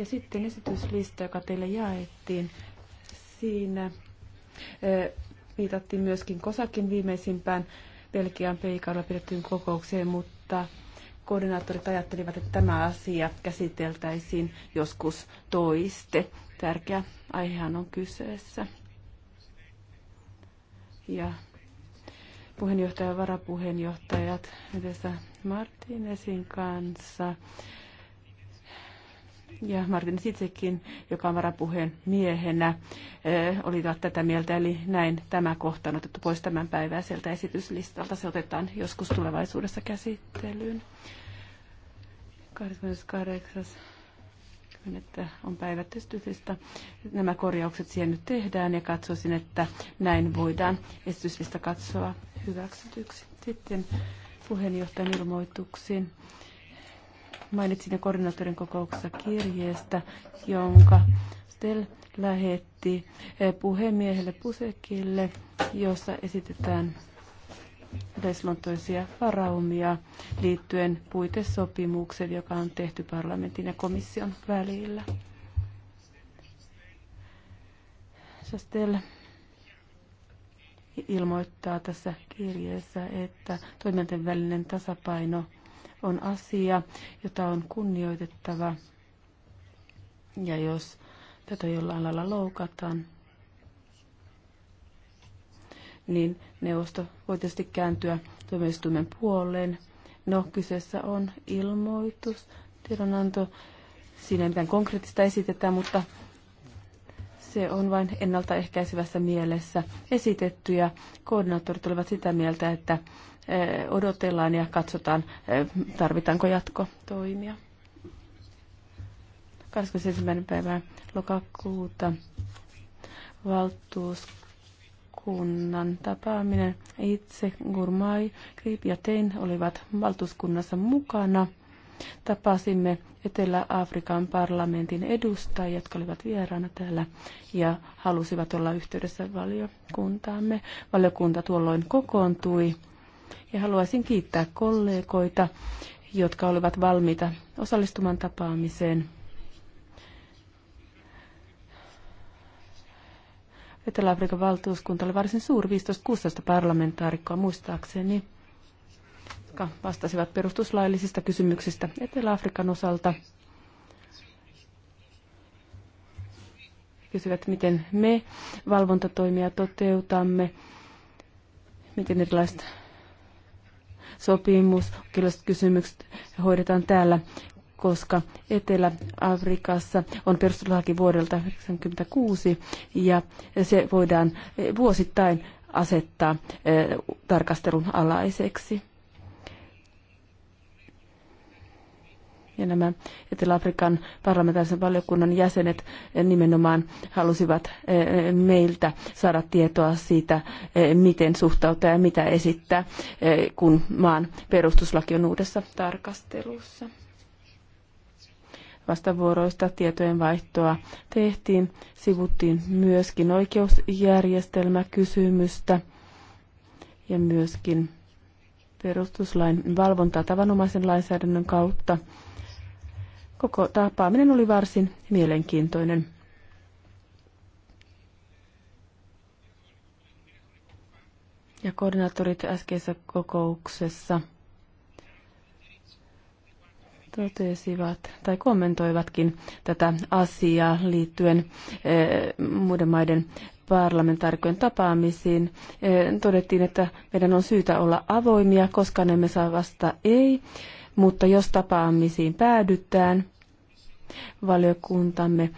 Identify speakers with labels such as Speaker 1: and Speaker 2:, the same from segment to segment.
Speaker 1: Ja sitten esityslista, joka teille jaettiin, siinä viitattiin myöskin Kosakin viimeisimpään Belgian peikalla pidettyyn kokoukseen, mutta koordinaattorit ajattelivat, että tämä asia käsiteltäisiin joskus toiste. Tärkeä aihehan on kyseessä. Ja puheenjohtaja ja varapuheenjohtajat yhdessä Martinesin kanssa ja Martin itsekin, joka on varapuheen miehenä, eh, olivat tätä mieltä. Eli näin tämä kohta on otettu pois tämän päivää sieltä esityslistalta. Se otetaan joskus tulevaisuudessa käsittelyyn. 28. Että on päivätystyslista. Nämä korjaukset siihen nyt tehdään ja katsoisin, että näin voidaan esityslista katsoa hyväksytyksi. Sitten puheenjohtajan ilmoituksiin mainitsin jo koordinaattorin kokouksessa kirjeestä, jonka Stel lähetti eh, puhemiehelle Pusekille, jossa esitetään yleisluontoisia varaumia liittyen puitesopimukseen, joka on tehty parlamentin ja komission välillä. Sastel ilmoittaa tässä kirjeessä, että toimijoiden välinen tasapaino – on asia, jota on kunnioitettava. Ja jos tätä jollain lailla loukataan, niin neuvosto voi tietysti kääntyä tuomioistuimen puoleen. No, kyseessä on ilmoitus, tiedonanto. Siinä ei mitään konkreettista esitetä, mutta se on vain ennaltaehkäisevässä mielessä esitetty ja koordinaattorit olivat sitä mieltä, että Eh, odotellaan ja katsotaan, eh, tarvitaanko jatkotoimia. 21. päivää lokakuuta valtuuskunnan tapaaminen. Itse Gurmai, Kriip ja Tein olivat valtuuskunnassa mukana. Tapasimme Etelä-Afrikan parlamentin edustajia, jotka olivat vieraana täällä ja halusivat olla yhteydessä valiokuntaamme. Valiokunta tuolloin kokoontui ja haluaisin kiittää kollegoita, jotka olivat valmiita osallistumaan tapaamiseen. Etelä-Afrikan valtuuskunta oli varsin suuri, 15-16 parlamentaarikkoa muistaakseni, jotka vastasivat perustuslaillisista kysymyksistä Etelä-Afrikan osalta. Kysyvät, miten me valvontatoimia toteutamme, miten erilaiset sopimus, kysymykset hoidetaan täällä koska Etelä-Afrikassa on perustuslaki vuodelta 1996 ja se voidaan vuosittain asettaa eh, tarkastelun alaiseksi. Ja nämä Etelä-Afrikan parlamentaarisen valiokunnan jäsenet nimenomaan halusivat eh, meiltä saada tietoa siitä, eh, miten suhtautua ja mitä esittää, eh, kun maan perustuslaki on uudessa tarkastelussa vastavuoroista tietojen vaihtoa tehtiin. Sivuttiin myöskin oikeusjärjestelmäkysymystä ja myöskin perustuslain valvontaa tavanomaisen lainsäädännön kautta. Koko tapaaminen oli varsin mielenkiintoinen. Ja koordinaattorit äskeisessä kokouksessa totesivat tai kommentoivatkin tätä asiaa liittyen eh, muiden maiden parlamentaarikkojen tapaamisiin. Eh, todettiin, että meidän on syytä olla avoimia, koska emme saa vasta ei mutta jos tapaamisiin päädytään, valiokuntamme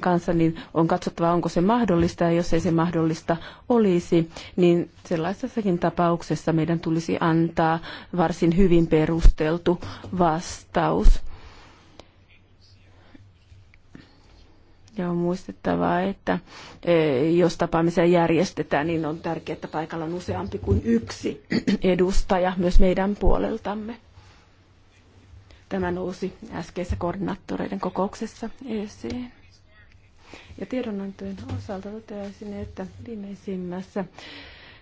Speaker 1: kanssa, niin on katsottava, onko se mahdollista, ja jos ei se mahdollista olisi, niin sellaisessakin tapauksessa meidän tulisi antaa varsin hyvin perusteltu vastaus. Ja on muistettava, että e, jos tapaamisia järjestetään, niin on tärkeää, että paikalla on useampi kuin yksi edustaja myös meidän puoleltamme. Tämä nousi äskeisessä koordinaattoreiden kokouksessa esiin. Ja tiedonantojen osalta toteaisin, että viimeisimmässä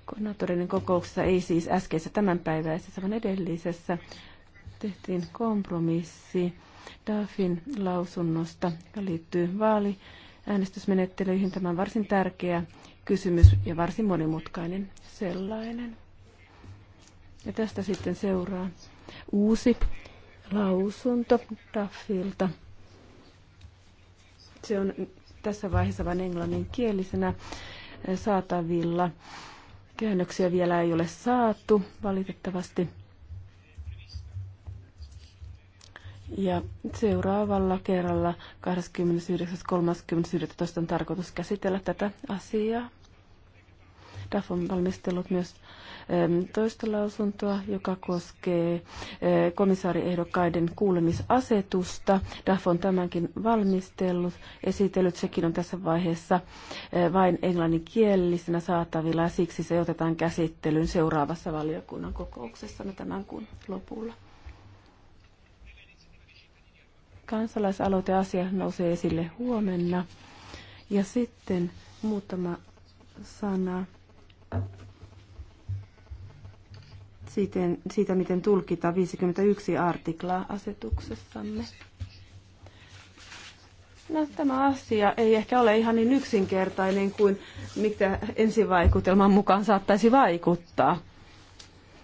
Speaker 1: koordinaattoreiden kokouksessa, ei siis äskeisessä tämänpäiväisessä, vaan edellisessä, tehtiin kompromissi DAFin lausunnosta, joka liittyy vaali äänestysmenettelyihin. Tämä on varsin tärkeä kysymys ja varsin monimutkainen sellainen. Ja tästä sitten seuraa uusi lausunto Daffilta. Se on tässä vaiheessa vain englanninkielisenä saatavilla. Käännöksiä vielä ei ole saatu, valitettavasti. Ja seuraavalla kerralla 29.30.11. on tarkoitus käsitellä tätä asiaa. DAF on valmistellut myös ähm, toista lausuntoa, joka koskee äh, komissaariehdokkaiden kuulemisasetusta. DAF on tämänkin valmistellut, esitellyt, sekin on tässä vaiheessa äh, vain englanninkielisenä saatavilla ja siksi se otetaan käsittelyyn seuraavassa valiokunnan kokouksessa tämän kuun lopulla. Kansalaisaloiteasia nousee esille huomenna. Ja sitten muutama sana siten, siitä, miten tulkita 51 artiklaa asetuksessamme. No, tämä asia ei ehkä ole ihan niin yksinkertainen kuin mitä ensivaikutelman mukaan saattaisi vaikuttaa.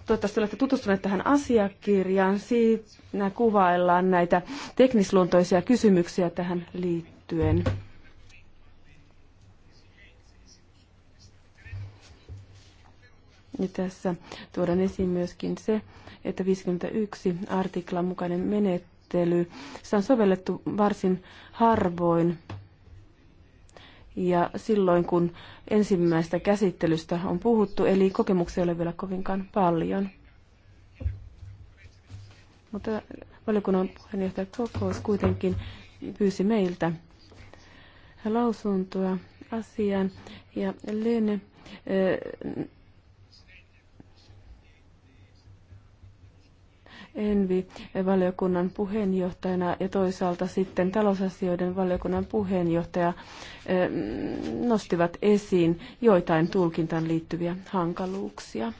Speaker 1: Toivottavasti olette tutustuneet tähän asiakirjaan. Siinä kuvaillaan näitä teknisluontoisia kysymyksiä tähän liittyen. Ja tässä tuodaan esiin myöskin se, että 51 artiklan mukainen menettely, se on sovellettu varsin harvoin ja silloin kun ensimmäistä käsittelystä on puhuttu, eli kokemuksia ei ole vielä kovinkaan paljon. Mutta valiokunnan puheenjohtaja kokous kuitenkin pyysi meiltä lausuntoa asiaan. Ja Lene Envi-valiokunnan puheenjohtajana ja toisaalta sitten talousasioiden valiokunnan puheenjohtaja eh, nostivat esiin joitain tulkintaan liittyviä hankaluuksia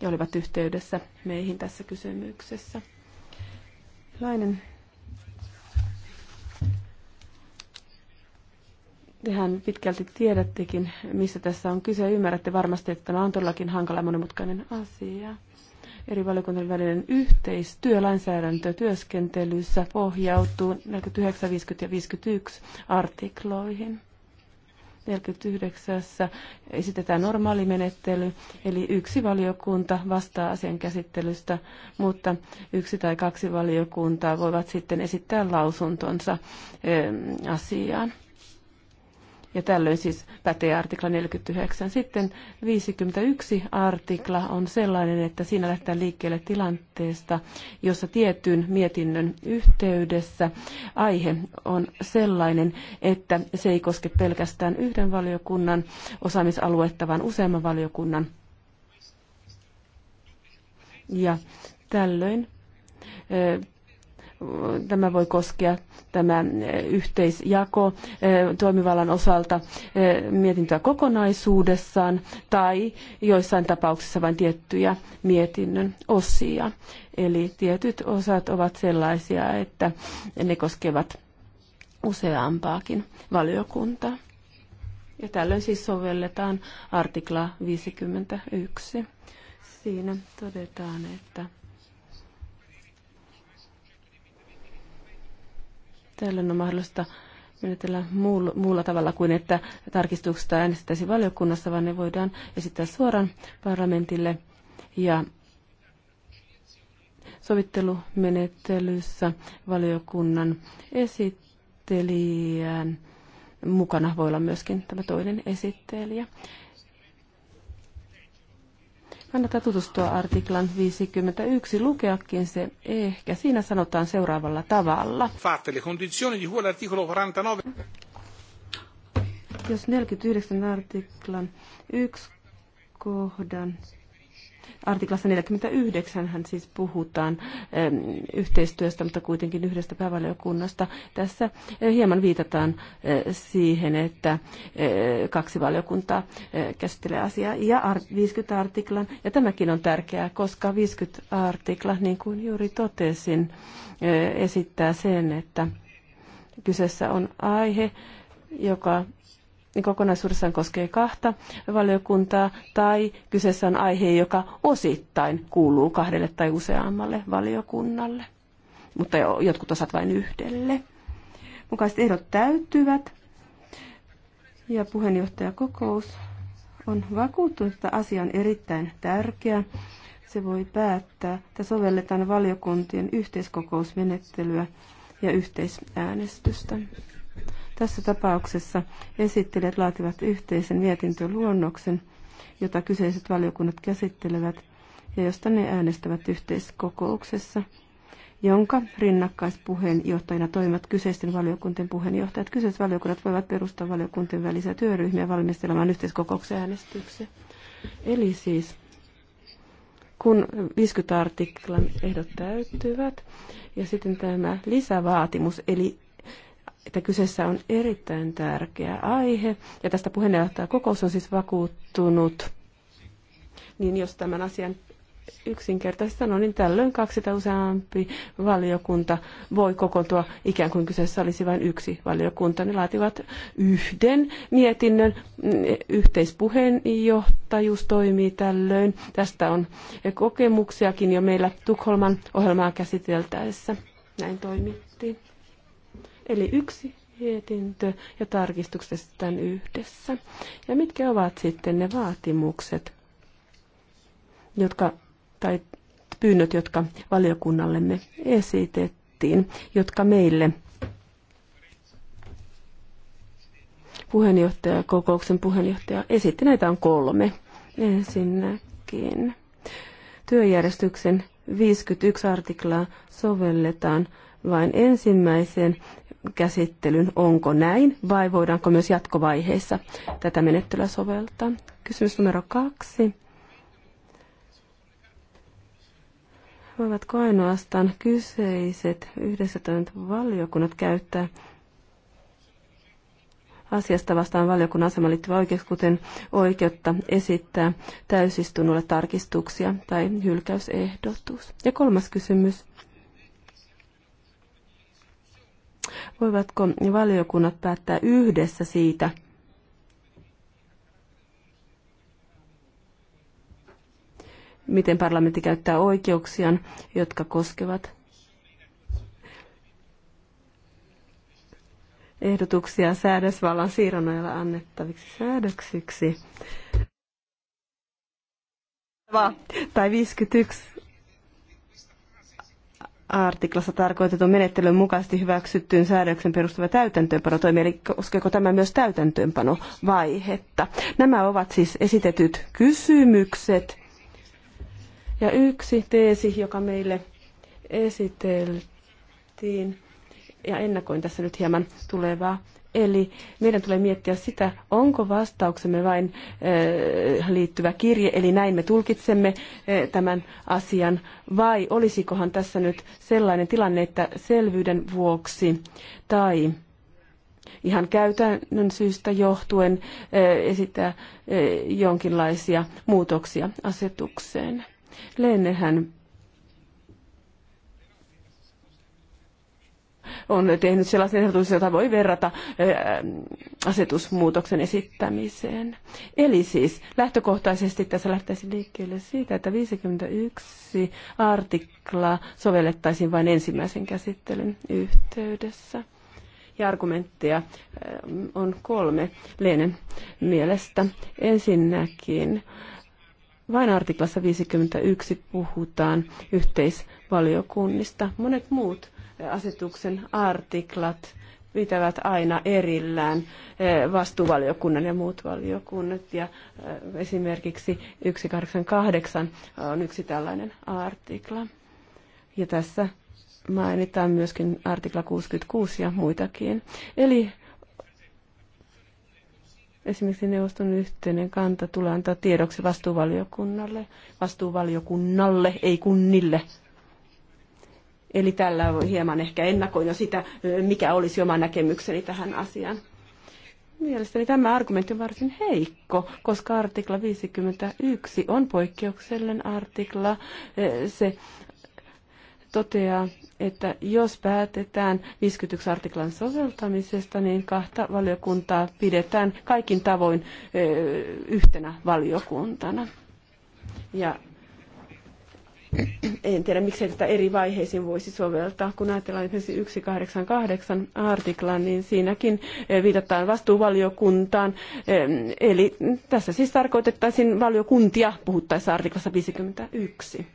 Speaker 1: ja olivat yhteydessä meihin tässä kysymyksessä. Lainen tehän pitkälti tiedättekin, missä tässä on kyse. Ymmärrätte varmasti, että tämä on todellakin hankala ja monimutkainen asia eri valiokuntien välinen yhteistyö lainsäädäntötyöskentelyssä pohjautuu 49, 50 ja 51 artikloihin. 49. esitetään normaali menettely, eli yksi valiokunta vastaa asian käsittelystä, mutta yksi tai kaksi valiokuntaa voivat sitten esittää lausuntonsa eh, asiaan ja tällöin siis pätee artikla 49. Sitten 51 artikla on sellainen, että siinä lähtee liikkeelle tilanteesta, jossa tietyn mietinnön yhteydessä aihe on sellainen, että se ei koske pelkästään yhden valiokunnan osaamisaluetta, vaan useamman valiokunnan. Ja tällöin Tämä voi koskea tämä eh, yhteisjako eh, toimivallan osalta eh, mietintöä kokonaisuudessaan tai joissain tapauksissa vain tiettyjä mietinnön osia. Eli tietyt osat ovat sellaisia, että ne koskevat useampaakin valiokuntaa. Ja tällöin siis sovelletaan artikla 51. Siinä todetaan, että Tällöin on mahdollista menetellä muulla, muulla tavalla kuin, että tarkistuksesta äänestettäisiin valiokunnassa, vaan ne voidaan esittää suoraan parlamentille. Ja sovittelumenettelyssä valiokunnan esittelijän mukana voi olla myöskin tämä toinen esittelijä. Kannattaa tutustua artiklan 51, lukeakin se ehkä. Siinä sanotaan seuraavalla tavalla.
Speaker 2: Fatte le condizioni di cui
Speaker 3: l'articolo 49
Speaker 1: jos 49 artiklan 1 kohdan Artiklassa 49 hän siis puhutaan yhteistyöstä, mutta kuitenkin yhdestä päävaliokunnasta. Tässä eh, hieman viitataan eh, siihen, että eh, kaksi valiokuntaa käsittelee asiaa ja 50 artiklan. Ja tämäkin on tärkeää, koska 50 artikla, niin kuin juuri totesin, esittää sen, että kyseessä on aihe, joka niin kokonaisuudessaan koskee kahta valiokuntaa tai kyseessä on aihe, joka osittain kuuluu kahdelle tai useammalle valiokunnalle, mutta jotkut osat vain yhdelle. Mukaiset ehdot täyttyvät ja puheenjohtajakokous on vakuuttunut, että asia on erittäin tärkeä. Se voi päättää, että sovelletaan valiokuntien yhteiskokousmenettelyä ja yhteisäänestystä. Tässä tapauksessa esittelijät laativat yhteisen mietintöluonnoksen, jota kyseiset valiokunnat käsittelevät ja josta ne äänestävät yhteiskokouksessa, jonka rinnakkaispuheenjohtajina toimivat kyseisten valiokuntien puheenjohtajat. Kyseiset valiokunnat voivat perustaa valiokuntien välisiä työryhmiä valmistelemaan yhteiskokouksen äänestyksiä. Eli siis kun 50 artiklan ehdot täyttyvät ja sitten tämä lisävaatimus, eli että kyseessä on erittäin tärkeä aihe, ja tästä puheenjohtaja kokous on siis vakuuttunut, niin jos tämän asian yksinkertaisesti sanon, niin tällöin kaksi tai useampi valiokunta voi kokoontua ikään kuin kyseessä olisi vain yksi valiokunta. Ne laativat yhden mietinnön. Yhteispuheenjohtajuus toimii tällöin. Tästä on kokemuksiakin jo meillä Tukholman ohjelmaa käsiteltäessä. Näin toimittiin. Eli yksi mietintö ja tarkistukset tämän yhdessä. Ja mitkä ovat sitten ne vaatimukset, jotka, tai pyynnöt, jotka valiokunnallemme esitettiin, jotka meille puheenjohtajakokouksen puheenjohtaja esitti. Näitä on kolme. Ensinnäkin työjärjestyksen 51 artiklaa sovelletaan vain ensimmäiseen käsittelyn. Onko näin vai voidaanko myös jatkovaiheessa tätä menettelyä soveltaa? Kysymys numero kaksi. Voivatko ainoastaan kyseiset 19 valiokunnat käyttää asiasta vastaan valiokunnan asemaan liittyvä oikeus, kuten oikeutta esittää täysistunnolle tarkistuksia tai hylkäysehdotus. Ja kolmas kysymys. Voivatko valiokunnat päättää yhdessä siitä, miten parlamentti käyttää oikeuksiaan, jotka koskevat ehdotuksia säädösvallan siirronnoilla annettaviksi säädöksiksi. Tai 51 artiklassa tarkoitetun menettelyn mukaisesti hyväksyttyyn säädöksen perustuva täytäntöönpanotoimi, eli koskeeko tämä myös täytäntöönpanovaihetta. Nämä ovat siis esitetyt kysymykset. Ja yksi teesi, joka meille esiteltiin, ja ennakoin tässä nyt hieman tulevaa Eli meidän tulee miettiä sitä, onko vastauksemme vain eh, liittyvä kirje, eli näin me tulkitsemme eh, tämän asian, vai olisikohan tässä nyt sellainen tilanne, että selvyyden vuoksi tai ihan käytännön syystä johtuen eh, esittää jonkinlaisia muutoksia asetukseen. Lennehän on tehnyt sellaisen ehdotuksen, jota voi verrata eh, asetusmuutoksen esittämiseen. Eli siis lähtökohtaisesti tässä lähtäisi liikkeelle siitä, että 51 artiklaa sovellettaisiin vain ensimmäisen käsittelyn yhteydessä. Ja argumentteja eh, on kolme Leenen mielestä. Ensinnäkin vain artiklassa 51 puhutaan yhteisvaliokunnista. Monet muut asetuksen artiklat pitävät aina erillään eh, vastuuvaliokunnan ja muut valiokunnat. Ja eh, esimerkiksi 188 on yksi tällainen artikla. Ja tässä mainitaan myöskin artikla 66 ja muitakin. Eli esimerkiksi neuvoston yhteinen kanta tulee antaa tiedoksi vastuuvaliokunnalle, vastuuvaliokunnalle, ei kunnille. Eli tällä hieman ehkä ennakoin jo sitä, mikä olisi oma näkemykseni tähän asiaan. Mielestäni tämä argumentti on varsin heikko, koska artikla 51 on poikkeuksellinen artikla. Se toteaa, että jos päätetään 51 artiklan soveltamisesta, niin kahta valiokuntaa pidetään kaikin tavoin yhtenä valiokuntana. Ja en tiedä, miksei tätä eri vaiheisiin voisi soveltaa. Kun ajatellaan esimerkiksi 188 artiklaa, niin siinäkin eh, viitataan vastuuvaliokuntaan. Eh, eli tässä siis tarkoitettaisiin valiokuntia puhuttaessa artiklassa 51.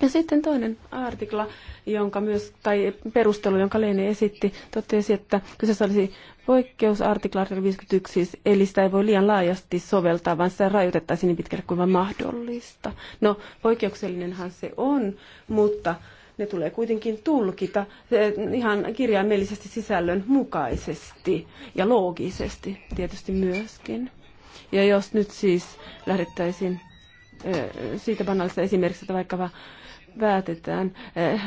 Speaker 1: Ja sitten toinen artikla, jonka myös, tai perustelu, jonka Leene esitti, totesi, että kyseessä olisi poikkeusartikla 51, siis, eli sitä ei voi liian laajasti soveltaa, vaan sitä rajoitettaisiin niin pitkälle kuin vain mahdollista. No, poikkeuksellinenhan se on, mutta ne tulee kuitenkin tulkita eh, ihan kirjaimellisesti sisällön mukaisesti ja loogisesti tietysti myöskin. Ja jos nyt siis lähdettäisiin eh, siitä banaalista esimerkiksi että vaikka päätetään eh,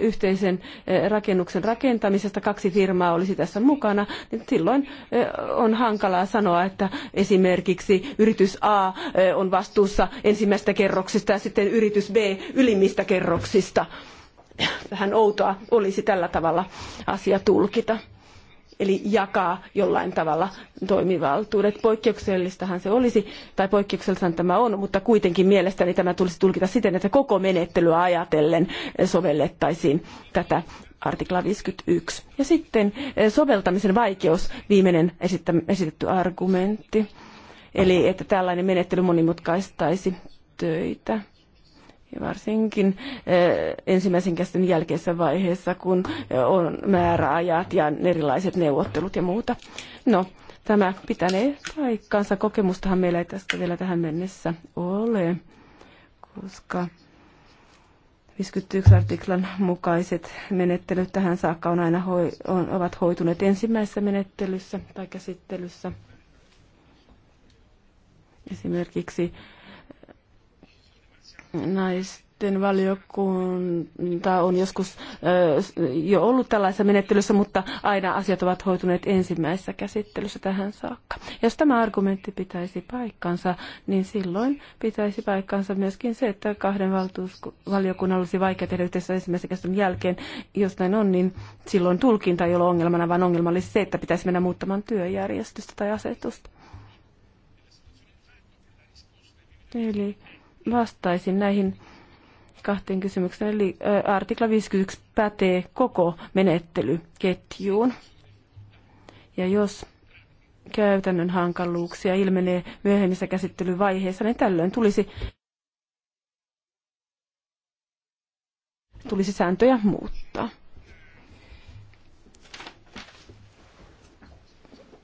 Speaker 1: yhteisen eh, rakennuksen rakentamisesta, kaksi firmaa olisi tässä mukana, niin silloin eh, on hankalaa sanoa, että esimerkiksi yritys A on vastuussa ensimmäistä kerroksista ja sitten yritys B ylimmistä kerroksista. Vähän outoa olisi tällä tavalla asia tulkita eli jakaa jollain tavalla toimivaltuudet. Poikkeuksellistahan se olisi, tai poikkeuksellisahan tämä on, mutta kuitenkin mielestäni tämä tulisi tulkita siten, että koko menettelyä ajatellen sovellettaisiin tätä artikla 51. Ja sitten eh, soveltamisen vaikeus, viimeinen esitetty argumentti. Eli että tällainen menettely monimutkaistaisi töitä. Ja varsinkin eh, ensimmäisen käsin jälkeisessä vaiheessa, kun eh, on määräajat ja erilaiset neuvottelut ja muuta. No, tämä pitänee paikkaansa. Kokemustahan meillä ei tästä vielä tähän mennessä ole, koska 51 artiklan mukaiset menettelyt tähän saakka on aina hoi, on, ovat hoituneet ensimmäisessä menettelyssä tai käsittelyssä. Esimerkiksi Naisten valiokunta on joskus äh, jo ollut tällaisessa menettelyssä, mutta aina asiat ovat hoituneet ensimmäisessä käsittelyssä tähän saakka. Jos tämä argumentti pitäisi paikkansa, niin silloin pitäisi paikkansa myöskin se, että kahden valiokunnan olisi vaikea tehdä yhteensä ensimmäisen käsittelyn jälkeen. Jos näin on, niin silloin tulkinta ei ole ongelmana, vaan ongelma olisi se, että pitäisi mennä muuttamaan työjärjestystä tai asetusta. Eli vastaisin näihin kahteen kysymykseen. Eli ä, artikla 51 pätee koko menettelyketjuun. Ja jos käytännön hankaluuksia ilmenee myöhemmissä käsittelyvaiheissa, niin tällöin tulisi, tulisi sääntöjä muuttaa.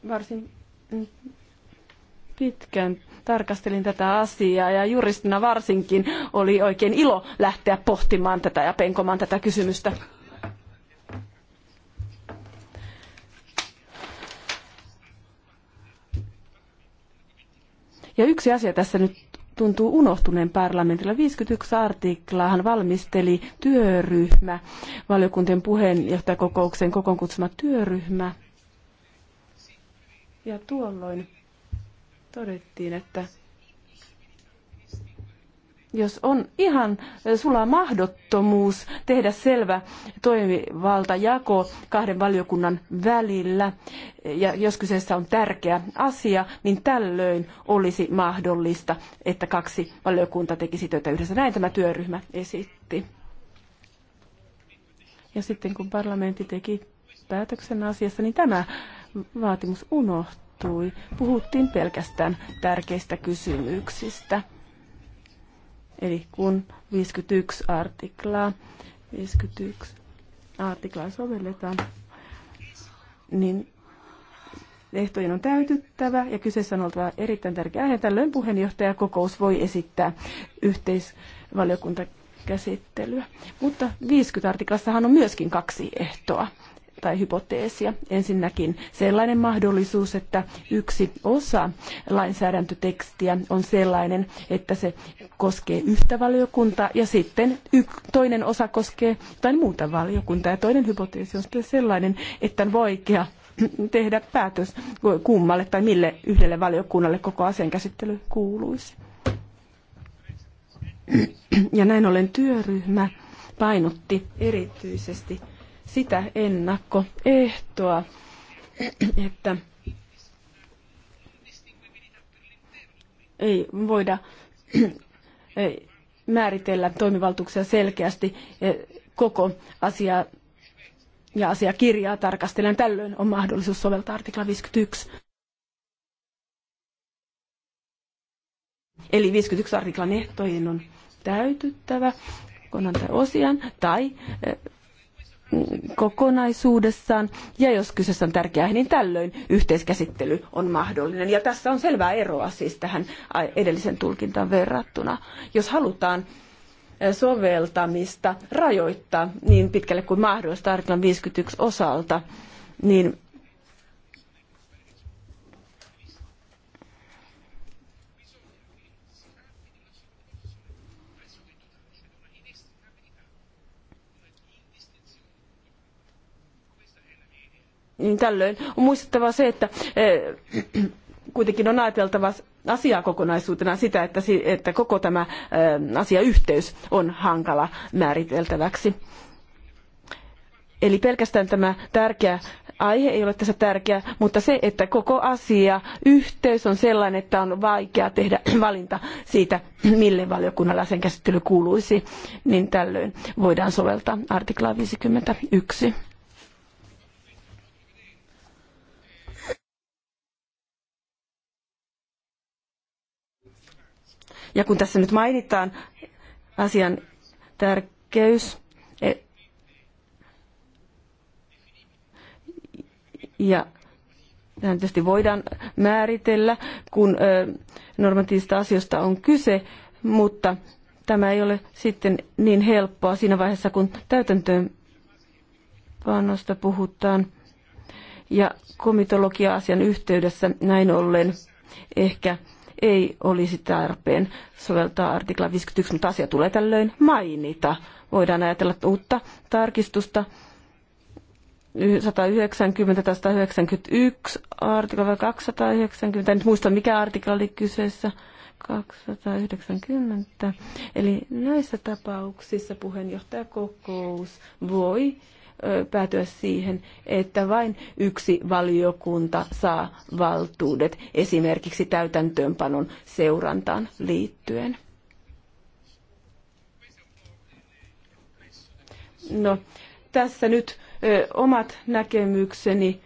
Speaker 1: Varsin pitkään tarkastelin tätä asiaa ja juristina varsinkin oli oikein ilo lähteä pohtimaan tätä ja penkomaan tätä kysymystä. Ja yksi asia tässä nyt tuntuu unohtuneen parlamentilla. 51 artiklaahan valmisteli työryhmä, valiokuntien puheenjohtajakokouksen kokoon kutsuma työryhmä. Ja tuolloin todettiin, että jos on ihan sulla mahdottomuus tehdä selvä toimivaltajako kahden valiokunnan välillä, ja jos kyseessä on tärkeä asia, niin tällöin olisi mahdollista, että kaksi valiokuntaa tekisi töitä yhdessä. Näin tämä työryhmä esitti. Ja sitten kun parlamentti teki päätöksen asiassa, niin tämä vaatimus unohtui tapahtui. Puhuttiin pelkästään tärkeistä kysymyksistä. Eli kun 51 artiklaa, 51 artiklaa sovelletaan, niin ehtojen on täytyttävä ja kyseessä on oltava erittäin tärkeä aihe. Tällöin puheenjohtajakokous voi esittää yhteisvaliokuntakäsittelyä. Mutta 50 artiklassahan on myöskin kaksi ehtoa tai hypoteesia. Ensinnäkin sellainen mahdollisuus, että yksi osa lainsäädäntötekstiä on sellainen, että se koskee yhtä valiokuntaa ja sitten toinen osa koskee jotain muuta valiokuntaa. Ja toinen hypoteesi on sitten sellainen, että on vaikea tehdä päätös kummalle tai mille yhdelle valiokunnalle koko asian käsittely kuuluisi. Ja näin ollen työryhmä painotti erityisesti sitä ennakkoehtoa, että ei voida määritellä toimivaltuuksia selkeästi e, koko asiaa ja asiakirjaa tarkastellen. Tällöin on mahdollisuus soveltaa artikla 51. Eli 51 artiklan ehtojen on täytyttävä konan tai osian tai e, kokonaisuudessaan, ja jos kyseessä on tärkeää, niin tällöin yhteiskäsittely on mahdollinen. Ja tässä on selvää eroa siis tähän edellisen tulkintaan verrattuna. Jos halutaan soveltamista rajoittaa niin pitkälle kuin mahdollista artiklan 51 osalta, niin tällöin on muistettava se, että eh, kuitenkin on ajateltava asiaa kokonaisuutena sitä, että, että koko tämä eh, asiayhteys on hankala määriteltäväksi. Eli pelkästään tämä tärkeä aihe ei ole tässä tärkeä, mutta se, että koko asia, yhteys on sellainen, että on vaikea tehdä valinta siitä, mille valiokunnalla sen käsittely kuuluisi, niin tällöin voidaan soveltaa artiklaa 51. Ja kun tässä nyt mainitaan asian tärkeys e- ja Tähän tietysti voidaan määritellä, kun normatiivista asioista on kyse, mutta tämä ei ole sitten niin helppoa siinä vaiheessa, kun täytäntöönpanosta puhutaan. Ja komitologia-asian yhteydessä näin ollen ehkä ei olisi tarpeen soveltaa artikla 51, mutta asia tulee tällöin mainita. Voidaan ajatella uutta tarkistusta 190 tai 191 artikla vai 290, en nyt muista mikä artikla oli kyseessä. 290. Eli näissä tapauksissa puheenjohtajakokous voi päätyä siihen, että vain yksi valiokunta saa valtuudet esimerkiksi täytäntöönpanon seurantaan liittyen. No, tässä nyt ö, omat näkemykseni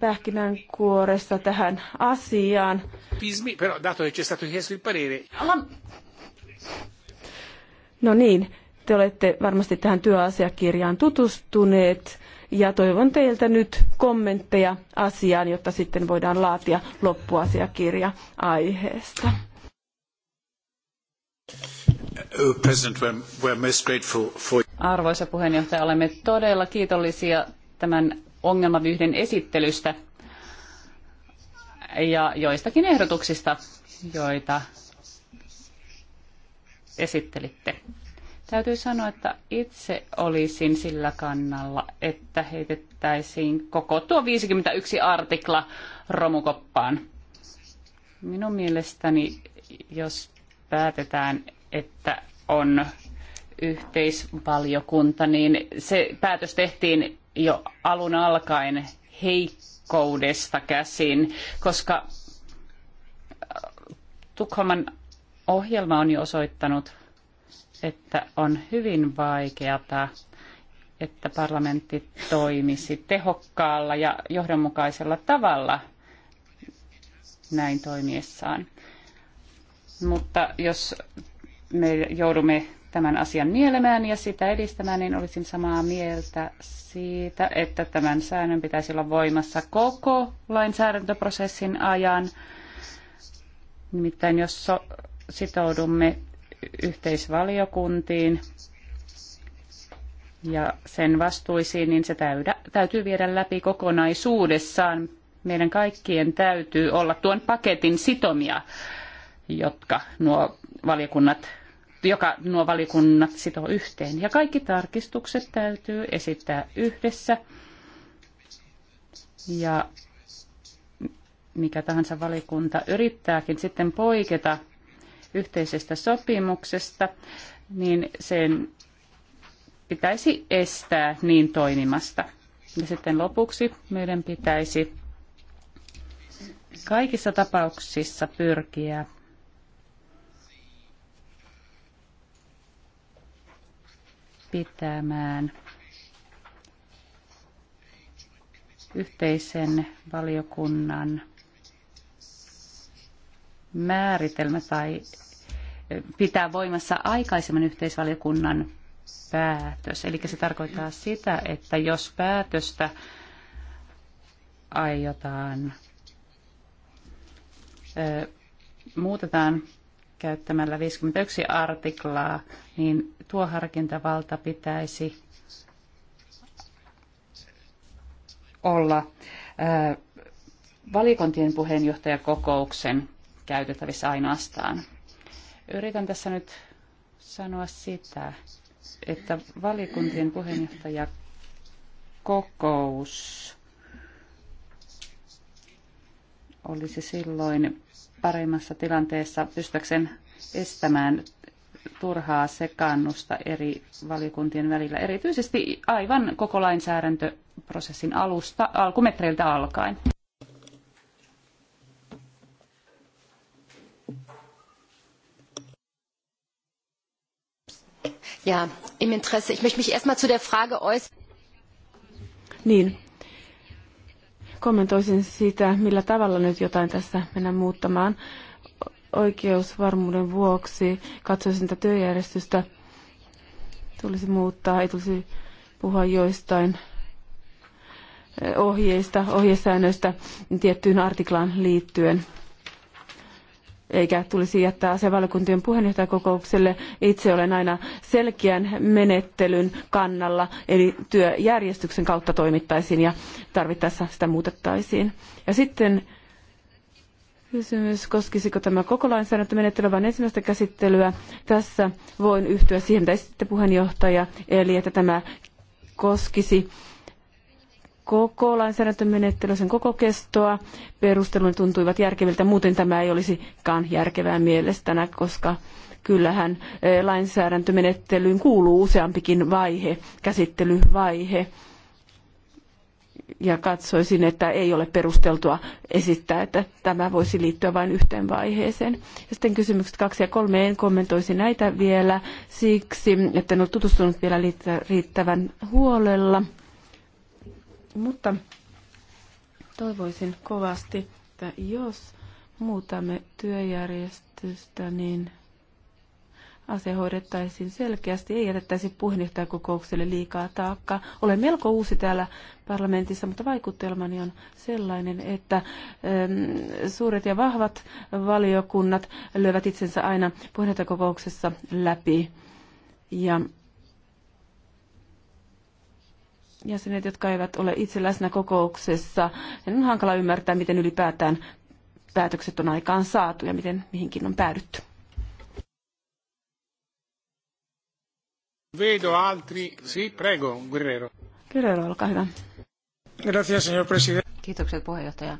Speaker 1: pähkinänkuoressa tähän asiaan.
Speaker 3: Pismi, però dato che stato il parere.
Speaker 1: No niin, te olette varmasti tähän työasiakirjaan tutustuneet ja toivon teiltä nyt kommentteja asiaan, jotta sitten voidaan laatia loppuasiakirja aiheesta.
Speaker 3: Uh, Arvoisa puheenjohtaja, olemme todella kiitollisia tämän ongelmavyhden esittelystä ja joistakin ehdotuksista, joita esittelitte. Täytyy sanoa, että itse olisin sillä kannalla, että heitettäisiin koko tuo 51 artikla romukoppaan. Minun mielestäni, jos päätetään, että on yhteisvaliokunta, niin se päätös tehtiin jo alun alkaen heikkoudesta käsin, koska äh, Tukholman ohjelma on jo osoittanut että on hyvin vaikeata, että parlamentti toimisi tehokkaalla ja johdonmukaisella tavalla näin toimiessaan. Mutta jos me joudumme tämän asian nielemään ja sitä edistämään, niin olisin samaa mieltä siitä, että tämän säännön pitäisi olla voimassa koko lainsäädäntöprosessin ajan. Nimittäin jos sitoudumme yhteisvaliokuntiin ja sen vastuisiin, niin se täydä, täytyy viedä läpi kokonaisuudessaan. Meidän kaikkien täytyy olla tuon paketin sitomia, jotka nuo valiokunnat joka nuo valiokunnat sitoo yhteen. Ja kaikki tarkistukset täytyy esittää yhdessä. Ja mikä tahansa valikunta yrittääkin sitten poiketa yhteisestä sopimuksesta, niin sen pitäisi estää niin toimimasta. Ja sitten lopuksi meidän pitäisi kaikissa tapauksissa pyrkiä pitämään yhteisen valiokunnan määritelmä tai pitää voimassa aikaisemman yhteisvaliokunnan päätös. Eli se tarkoittaa sitä, että jos päätöstä aiotaan, ö, muutetaan käyttämällä 51 artiklaa, niin tuo harkintavalta pitäisi olla ö, valikontien puheenjohtajakokouksen käytettävissä ainoastaan. Yritän tässä nyt sanoa sitä, että valiokuntien Kokous olisi silloin paremmassa tilanteessa pystyäkseen estämään turhaa sekaannusta eri valiokuntien välillä, erityisesti aivan koko lainsäädäntöprosessin alusta alkumetreiltä alkaen. ja, im Interesse. Ich möchte mich erstmal zu der Frage äußern.
Speaker 1: Niin. Kommentoisin sitä, millä tavalla nyt jotain tässä mennään muuttamaan. Oikeusvarmuuden vuoksi katsoisin tätä työjärjestystä. Tulisi muuttaa, ei tulisi puhua joistain eh, ohjeista, ohjesäännöistä tiettyyn artiklaan liittyen eikä tulisi jättää asevaliokuntien puheenjohtajakokoukselle. Itse olen aina selkeän menettelyn kannalla, eli työjärjestyksen kautta toimittaisiin ja tarvittaessa sitä muutettaisiin. Ja sitten Kysymys, koskisiko tämä koko lainsäädäntömenettely vain ensimmäistä käsittelyä? Tässä voin yhtyä siihen, mitä esitte puheenjohtaja, eli että tämä koskisi koko lainsäädäntömenettelyä, sen koko kestoa. Perustelun tuntuivat järkeviltä, muuten tämä ei olisikaan järkevää mielestänä, koska kyllähän eh, lainsäädäntömenettelyyn kuuluu useampikin vaihe, käsittelyvaihe. Ja katsoisin, että ei ole perusteltua esittää, että tämä voisi liittyä vain yhteen vaiheeseen. Ja sitten kysymykset kaksi ja kolme, en kommentoisi näitä vielä siksi, että en ole tutustunut vielä riittävän huolella. Mutta toivoisin kovasti, että jos muutamme työjärjestystä, niin asia hoidettaisiin selkeästi, ei jätettäisi puheenjohtajakokoukselle liikaa taakkaa. Olen melko uusi täällä parlamentissa, mutta vaikutelmani on sellainen, että suuret ja vahvat valiokunnat lyövät itsensä aina puheenjohtajakokouksessa läpi. Ja jäsenet, jotka eivät ole itse läsnä kokouksessa, niin on hankala ymmärtää, miten ylipäätään päätökset on aikaan saatu ja miten mihinkin on päädytty.
Speaker 2: Vedo altri. si, prego, Guerrero.
Speaker 1: Guerrero, olkaa hyvä.
Speaker 2: Gracias, señor presidente. Kiitokset puheenjohtaja.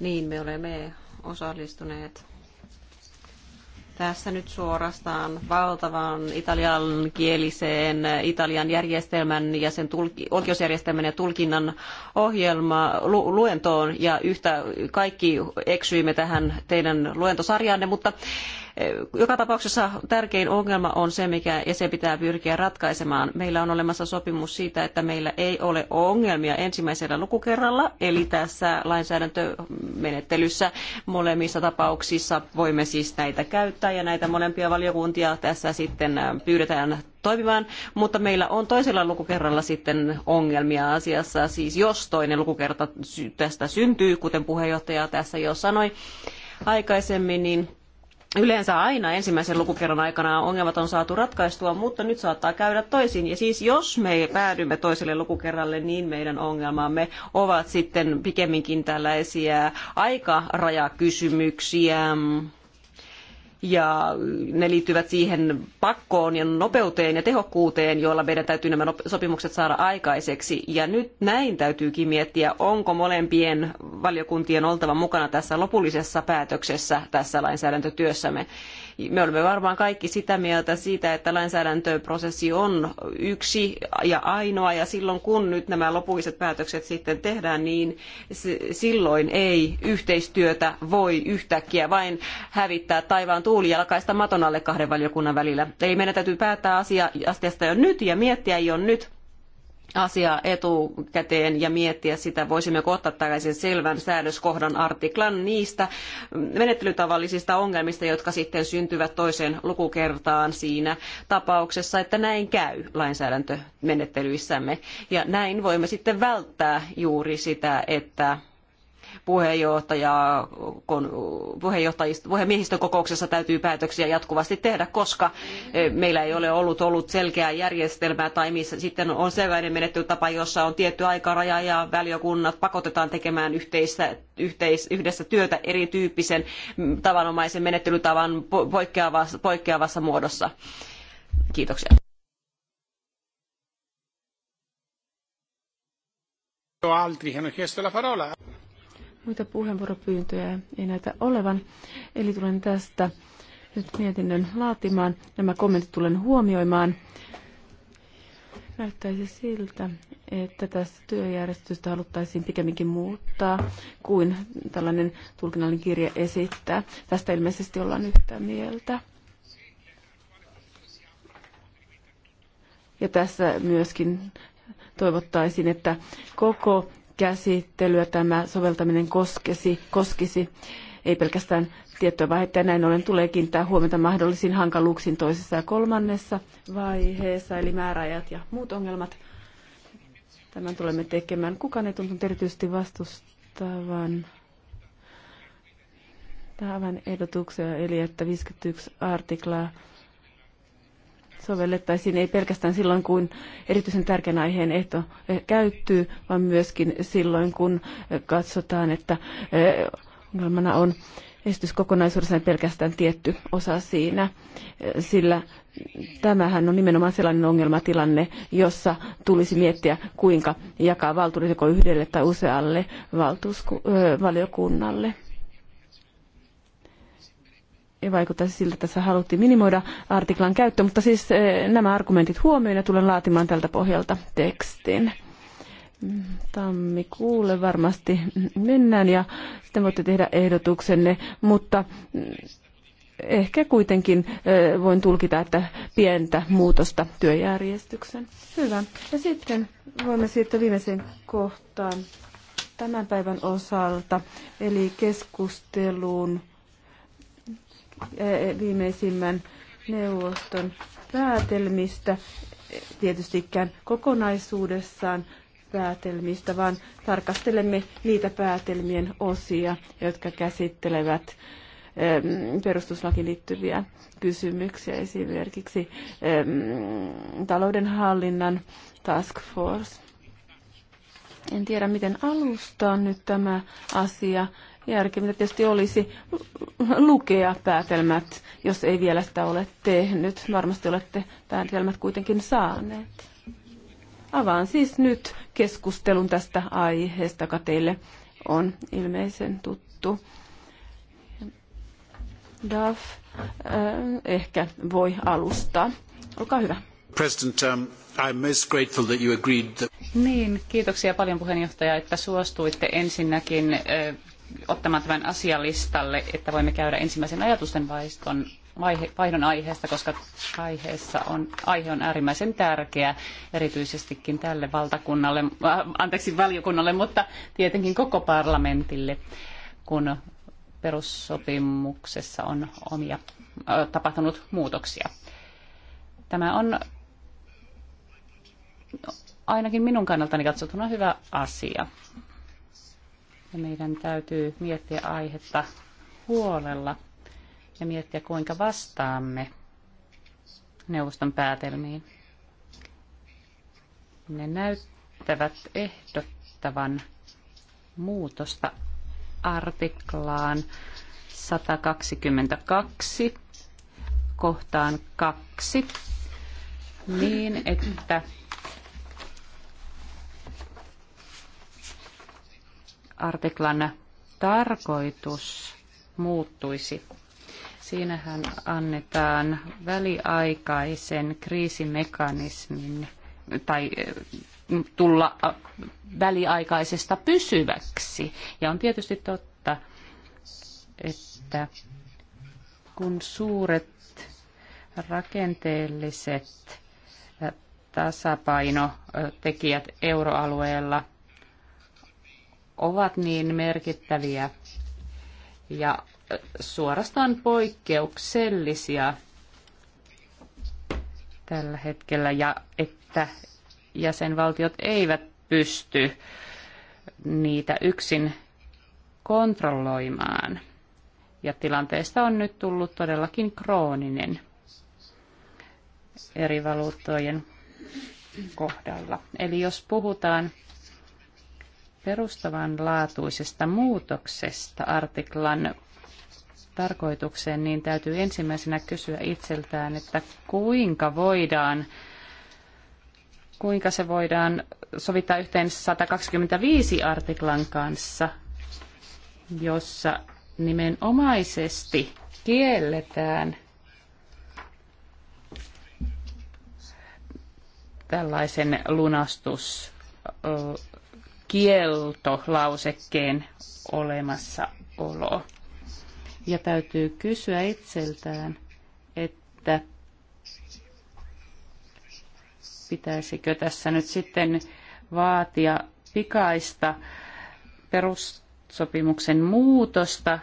Speaker 2: Niin, me olemme osallistuneet tässä nyt suorastaan valtavan italiankieliseen Italian järjestelmän ja sen tulki, oikeusjärjestelmän ja tulkinnan ohjelma lu, luentoon ja yhtä kaikki eksyimme tähän teidän luentosarjaanne, mutta joka tapauksessa tärkein ongelma on se, mikä ja se pitää pyrkiä ratkaisemaan. Meillä on olemassa sopimus siitä, että meillä ei ole ongelmia ensimmäisellä lukukerralla, eli tässä lainsäädäntömenettelyssä molemmissa tapauksissa voimme siis näitä käyttää ja näitä molempia valiokuntia tässä sitten pyydetään toimimaan, mutta meillä on toisella lukukerralla sitten ongelmia asiassa, siis jos toinen lukukerta tästä syntyy, kuten puheenjohtaja tässä jo sanoi aikaisemmin, niin Yleensä aina ensimmäisen lukukerran aikana ongelmat on saatu ratkaistua, mutta nyt saattaa käydä toisin. Ja siis jos me päädymme toiselle lukukerralle, niin meidän ongelmamme ovat sitten pikemminkin tällaisia aikarajakysymyksiä. kysymyksiä ja ne liittyvät siihen pakkoon ja nopeuteen ja tehokkuuteen, joilla meidän täytyy nämä sopimukset saada aikaiseksi. Ja nyt näin täytyykin miettiä, onko molempien valiokuntien oltava mukana tässä lopullisessa päätöksessä tässä lainsäädäntötyössämme. Me olemme varmaan kaikki sitä mieltä siitä, että lainsäädäntöprosessi on yksi ja ainoa ja silloin kun nyt nämä lopulliset päätökset sitten tehdään, niin silloin ei yhteistyötä voi yhtäkkiä vain hävittää taivaan tuulijalkaista maton alle kahden valiokunnan välillä. Eli meidän täytyy päättää asia, asiasta jo nyt ja miettiä jo nyt asiaa etukäteen ja miettiä sitä, voisimmeko ottaa tällaisen selvän säädöskohdan artiklan niistä menettelytavallisista ongelmista, jotka sitten syntyvät toiseen lukukertaan siinä tapauksessa, että näin käy lainsäädäntömenettelyissämme. Ja näin voimme sitten välttää juuri sitä, että puheenjohtaja, puhemiehistön kokouksessa täytyy päätöksiä jatkuvasti tehdä, koska e, meillä ei ole ollut, ollut selkeää järjestelmää tai missä sitten on sellainen menettelytapa, jossa on tietty aikaraja ja valiokunnat pakotetaan tekemään yhteistä, yhteis, yhdessä työtä erityyppisen mm, tavanomaisen menettelytavan poikkeavassa, poikkeavassa muodossa. Kiitoksia.
Speaker 3: altri che hanno chiesto la parola.
Speaker 1: Muita puheenvuoropyyntöjä ei näitä olevan, eli tulen tästä nyt mietinnön laatimaan. Nämä kommentit tulen huomioimaan. Näyttäisi siltä, että tässä työjärjestystä haluttaisiin pikemminkin muuttaa kuin tällainen tulkinnallinen kirja esittää. Tästä ilmeisesti ollaan yhtä mieltä. Ja tässä myöskin toivottaisiin, että koko käsittelyä tämä soveltaminen koskesi, koskisi, ei pelkästään tiettyä vaihetta, ja näin ollen tulee kiinnittää huomiota mahdollisiin hankaluuksiin toisessa ja kolmannessa vaiheessa, eli määräajat ja muut ongelmat. Tämän tulemme tekemään. Kukaan ei tuntunut erityisesti vastustavan tähän ehdotukseen, eli että 51 artiklaa sovellettaisiin ei pelkästään silloin, kun erityisen tärkeän aiheen ehto eh, käyttyy, vaan myöskin silloin, kun eh, katsotaan, että eh, ongelmana on esitys kokonaisuudessaan pelkästään tietty osa siinä, sillä tämähän on nimenomaan sellainen ongelmatilanne, jossa tulisi miettiä, kuinka jakaa valtuudet joko yhdelle tai usealle valtuusku- valiokunnalle vaikuttaisi siltä, että tässä haluttiin minimoida artiklan käyttö, mutta siis eh, nämä argumentit huomioon ja tulen laatimaan tältä pohjalta tekstin. Tammikuulle varmasti mennään ja sitten voitte tehdä ehdotuksenne, mutta ehkä kuitenkin eh, voin tulkita, että pientä muutosta työjärjestyksen. Hyvä. Ja sitten voimme siirtyä viimeiseen kohtaan tämän päivän osalta, eli keskusteluun viimeisimmän neuvoston päätelmistä, tietystikään kokonaisuudessaan päätelmistä, vaan tarkastelemme niitä päätelmien osia, jotka käsittelevät perustuslakiin liittyviä kysymyksiä, esimerkiksi taloudenhallinnan task force. En tiedä, miten alustaa nyt tämä asia järkevintä tietysti olisi lukea päätelmät, jos ei vielä sitä ole tehnyt. Varmasti olette päätelmät kuitenkin saaneet. Avaan siis nyt keskustelun tästä aiheesta, joka teille on ilmeisen tuttu. Daf äh, ehkä voi alustaa. Olkaa hyvä.
Speaker 3: President, um, I'm most grateful that you agreed that... Niin, kiitoksia paljon puheenjohtaja, että suostuitte ensinnäkin äh, ottamaan tämän asialistalle, että voimme käydä ensimmäisen ajatusten vaiston, vaihe, vaihdon aiheesta, koska aiheessa on, aihe on äärimmäisen tärkeä erityisestikin tälle valtakunnalle, äh, anteeksi valiokunnalle, mutta tietenkin koko parlamentille, kun perussopimuksessa on omia äh, tapahtunut muutoksia. Tämä on ainakin minun kannaltani katsottuna hyvä asia. Ja meidän täytyy miettiä aihetta huolella ja miettiä, kuinka vastaamme neuvoston päätelmiin. Ne näyttävät ehdottavan muutosta artiklaan 122 kohtaan 2 niin, että artiklan tarkoitus muuttuisi. Siinähän annetaan väliaikaisen kriisimekanismin tai eh, tulla väliaikaisesta pysyväksi. Ja on tietysti totta, että kun suuret rakenteelliset eh, tasapainotekijät euroalueella ovat niin merkittäviä ja suorastaan poikkeuksellisia tällä hetkellä ja että jäsenvaltiot eivät pysty niitä yksin kontrolloimaan. Ja tilanteesta on nyt tullut todellakin krooninen eri valuuttojen kohdalla. Eli jos puhutaan perustavanlaatuisesta muutoksesta artiklan tarkoitukseen, niin täytyy ensimmäisenä kysyä itseltään, että kuinka voidaan kuinka se voidaan sovittaa yhteen 125 artiklan kanssa, jossa nimenomaisesti kielletään tällaisen lunastus kieltolausekkeen olemassaolo. Ja täytyy kysyä itseltään, että pitäisikö tässä nyt sitten vaatia pikaista perussopimuksen muutosta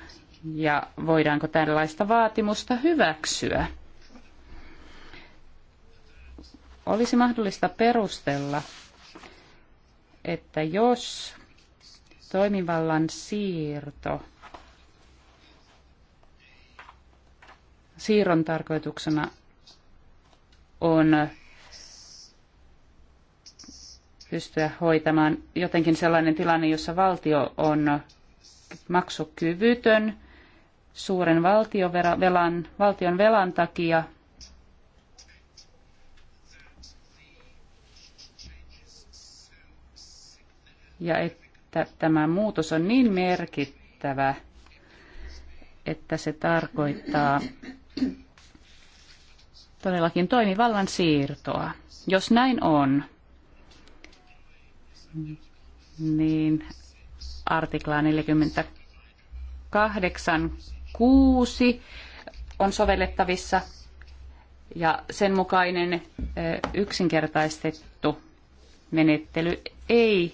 Speaker 3: ja voidaanko tällaista vaatimusta hyväksyä. Olisi mahdollista perustella että jos toimivallan siirto siirron tarkoituksena on pystyä hoitamaan jotenkin sellainen tilanne, jossa valtio on maksukyvytön suuren valtion velan takia ja että tämä muutos on niin merkittävä, että se tarkoittaa todellakin toimivallan siirtoa. Jos näin on, niin artikla 48.6 on sovellettavissa ja sen mukainen yksinkertaistettu menettely ei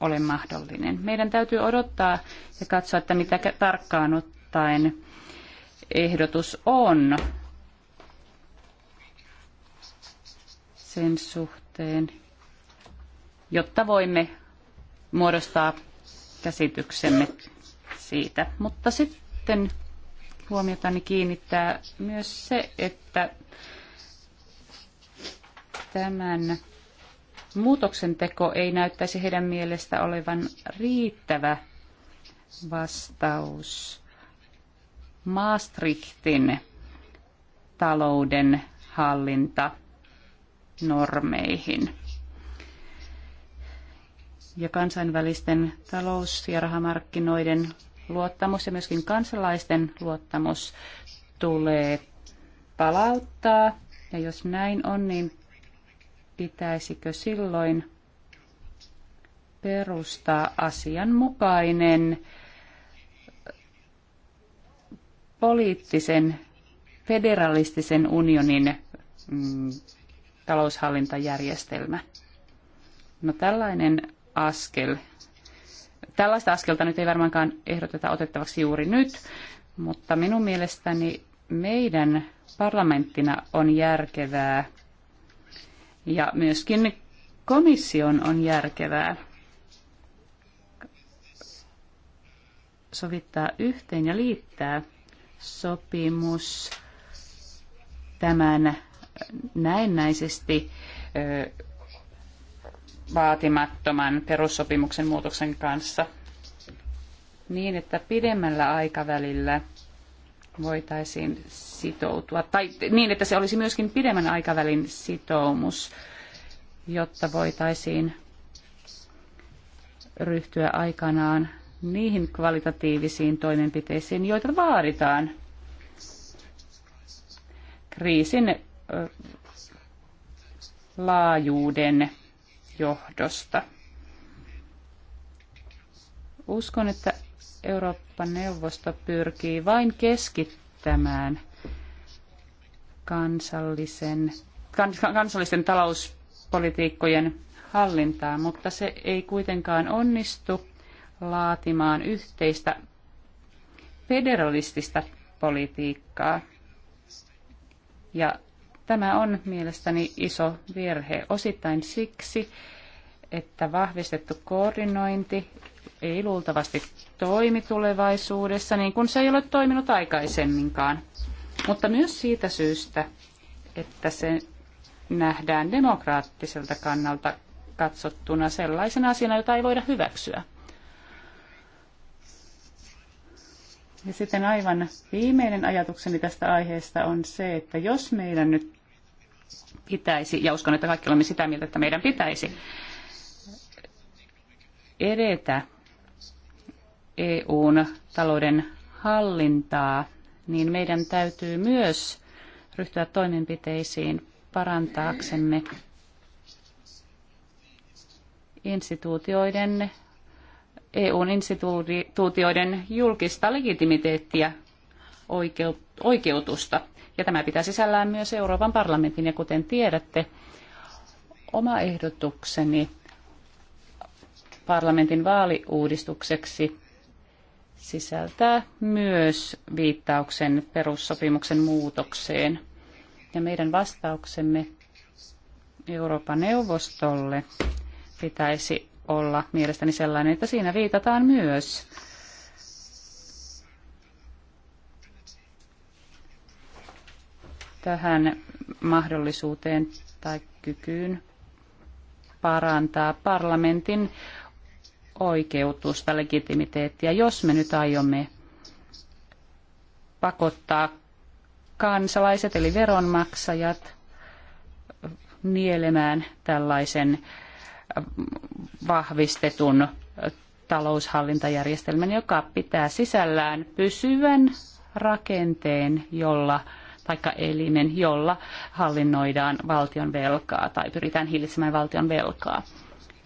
Speaker 3: ole mahdollinen. Meidän täytyy odottaa ja katsoa, että mitä tarkkaan ottaen ehdotus on sen suhteen, jotta voimme muodostaa käsityksemme siitä. Mutta sitten huomiotani kiinnittää myös se, että tämän Muutoksenteko ei näyttäisi heidän mielestä olevan riittävä vastaus Maastrichtin talouden hallinta normeihin. Ja kansainvälisten talous- ja rahamarkkinoiden luottamus ja myöskin kansalaisten luottamus tulee palauttaa. Ja jos näin on, niin pitäisikö silloin perustaa asianmukainen poliittisen federalistisen unionin mm, taloushallintajärjestelmä. No tällainen askel, tällaista askelta nyt ei varmaankaan ehdoteta otettavaksi juuri nyt, mutta minun mielestäni meidän parlamenttina on järkevää ja myöskin komission on järkevää sovittaa yhteen ja liittää sopimus tämän näennäisesti vaatimattoman perussopimuksen muutoksen kanssa niin, että pidemmällä aikavälillä – voitaisiin sitoutua, tai niin, että se olisi myöskin pidemmän aikavälin sitoumus, jotta voitaisiin ryhtyä aikanaan niihin kvalitatiivisiin toimenpiteisiin, joita vaaditaan kriisin laajuuden johdosta. Uskon, että Euroopan neuvosto pyrkii vain keskittämään kansallisen, kansallisten talouspolitiikkojen hallintaa, mutta se ei kuitenkaan onnistu laatimaan yhteistä federalistista politiikkaa. Ja tämä on mielestäni iso virhe osittain siksi, että vahvistettu koordinointi ei luultavasti toimi tulevaisuudessa, niin kuin se ei ole toiminut aikaisemminkaan. Mutta myös siitä syystä, että se nähdään demokraattiselta kannalta katsottuna sellaisena asiana, jota ei voida hyväksyä. Ja sitten aivan viimeinen ajatukseni tästä aiheesta on se, että jos meidän nyt pitäisi, ja uskon, että kaikki olemme sitä mieltä, että meidän pitäisi edetä EUn talouden hallintaa, niin meidän täytyy myös ryhtyä toimenpiteisiin parantaaksemme instituutioiden, EUn instituutioiden julkista legitimiteettiä oikeutusta. Ja tämä pitää sisällään myös Euroopan parlamentin. Ja kuten tiedätte, oma ehdotukseni parlamentin vaaliuudistukseksi sisältää myös viittauksen perussopimuksen muutokseen. Ja meidän vastauksemme Euroopan neuvostolle pitäisi olla mielestäni sellainen, että siinä viitataan myös tähän mahdollisuuteen tai kykyyn parantaa parlamentin oikeutusta, legitimiteettiä, jos me nyt aiomme pakottaa kansalaiset eli veronmaksajat nielemään tällaisen vahvistetun taloushallintajärjestelmän, joka pitää sisällään pysyvän rakenteen, jolla taikka elimen, jolla hallinnoidaan valtion velkaa tai pyritään hillitsemään valtion velkaa.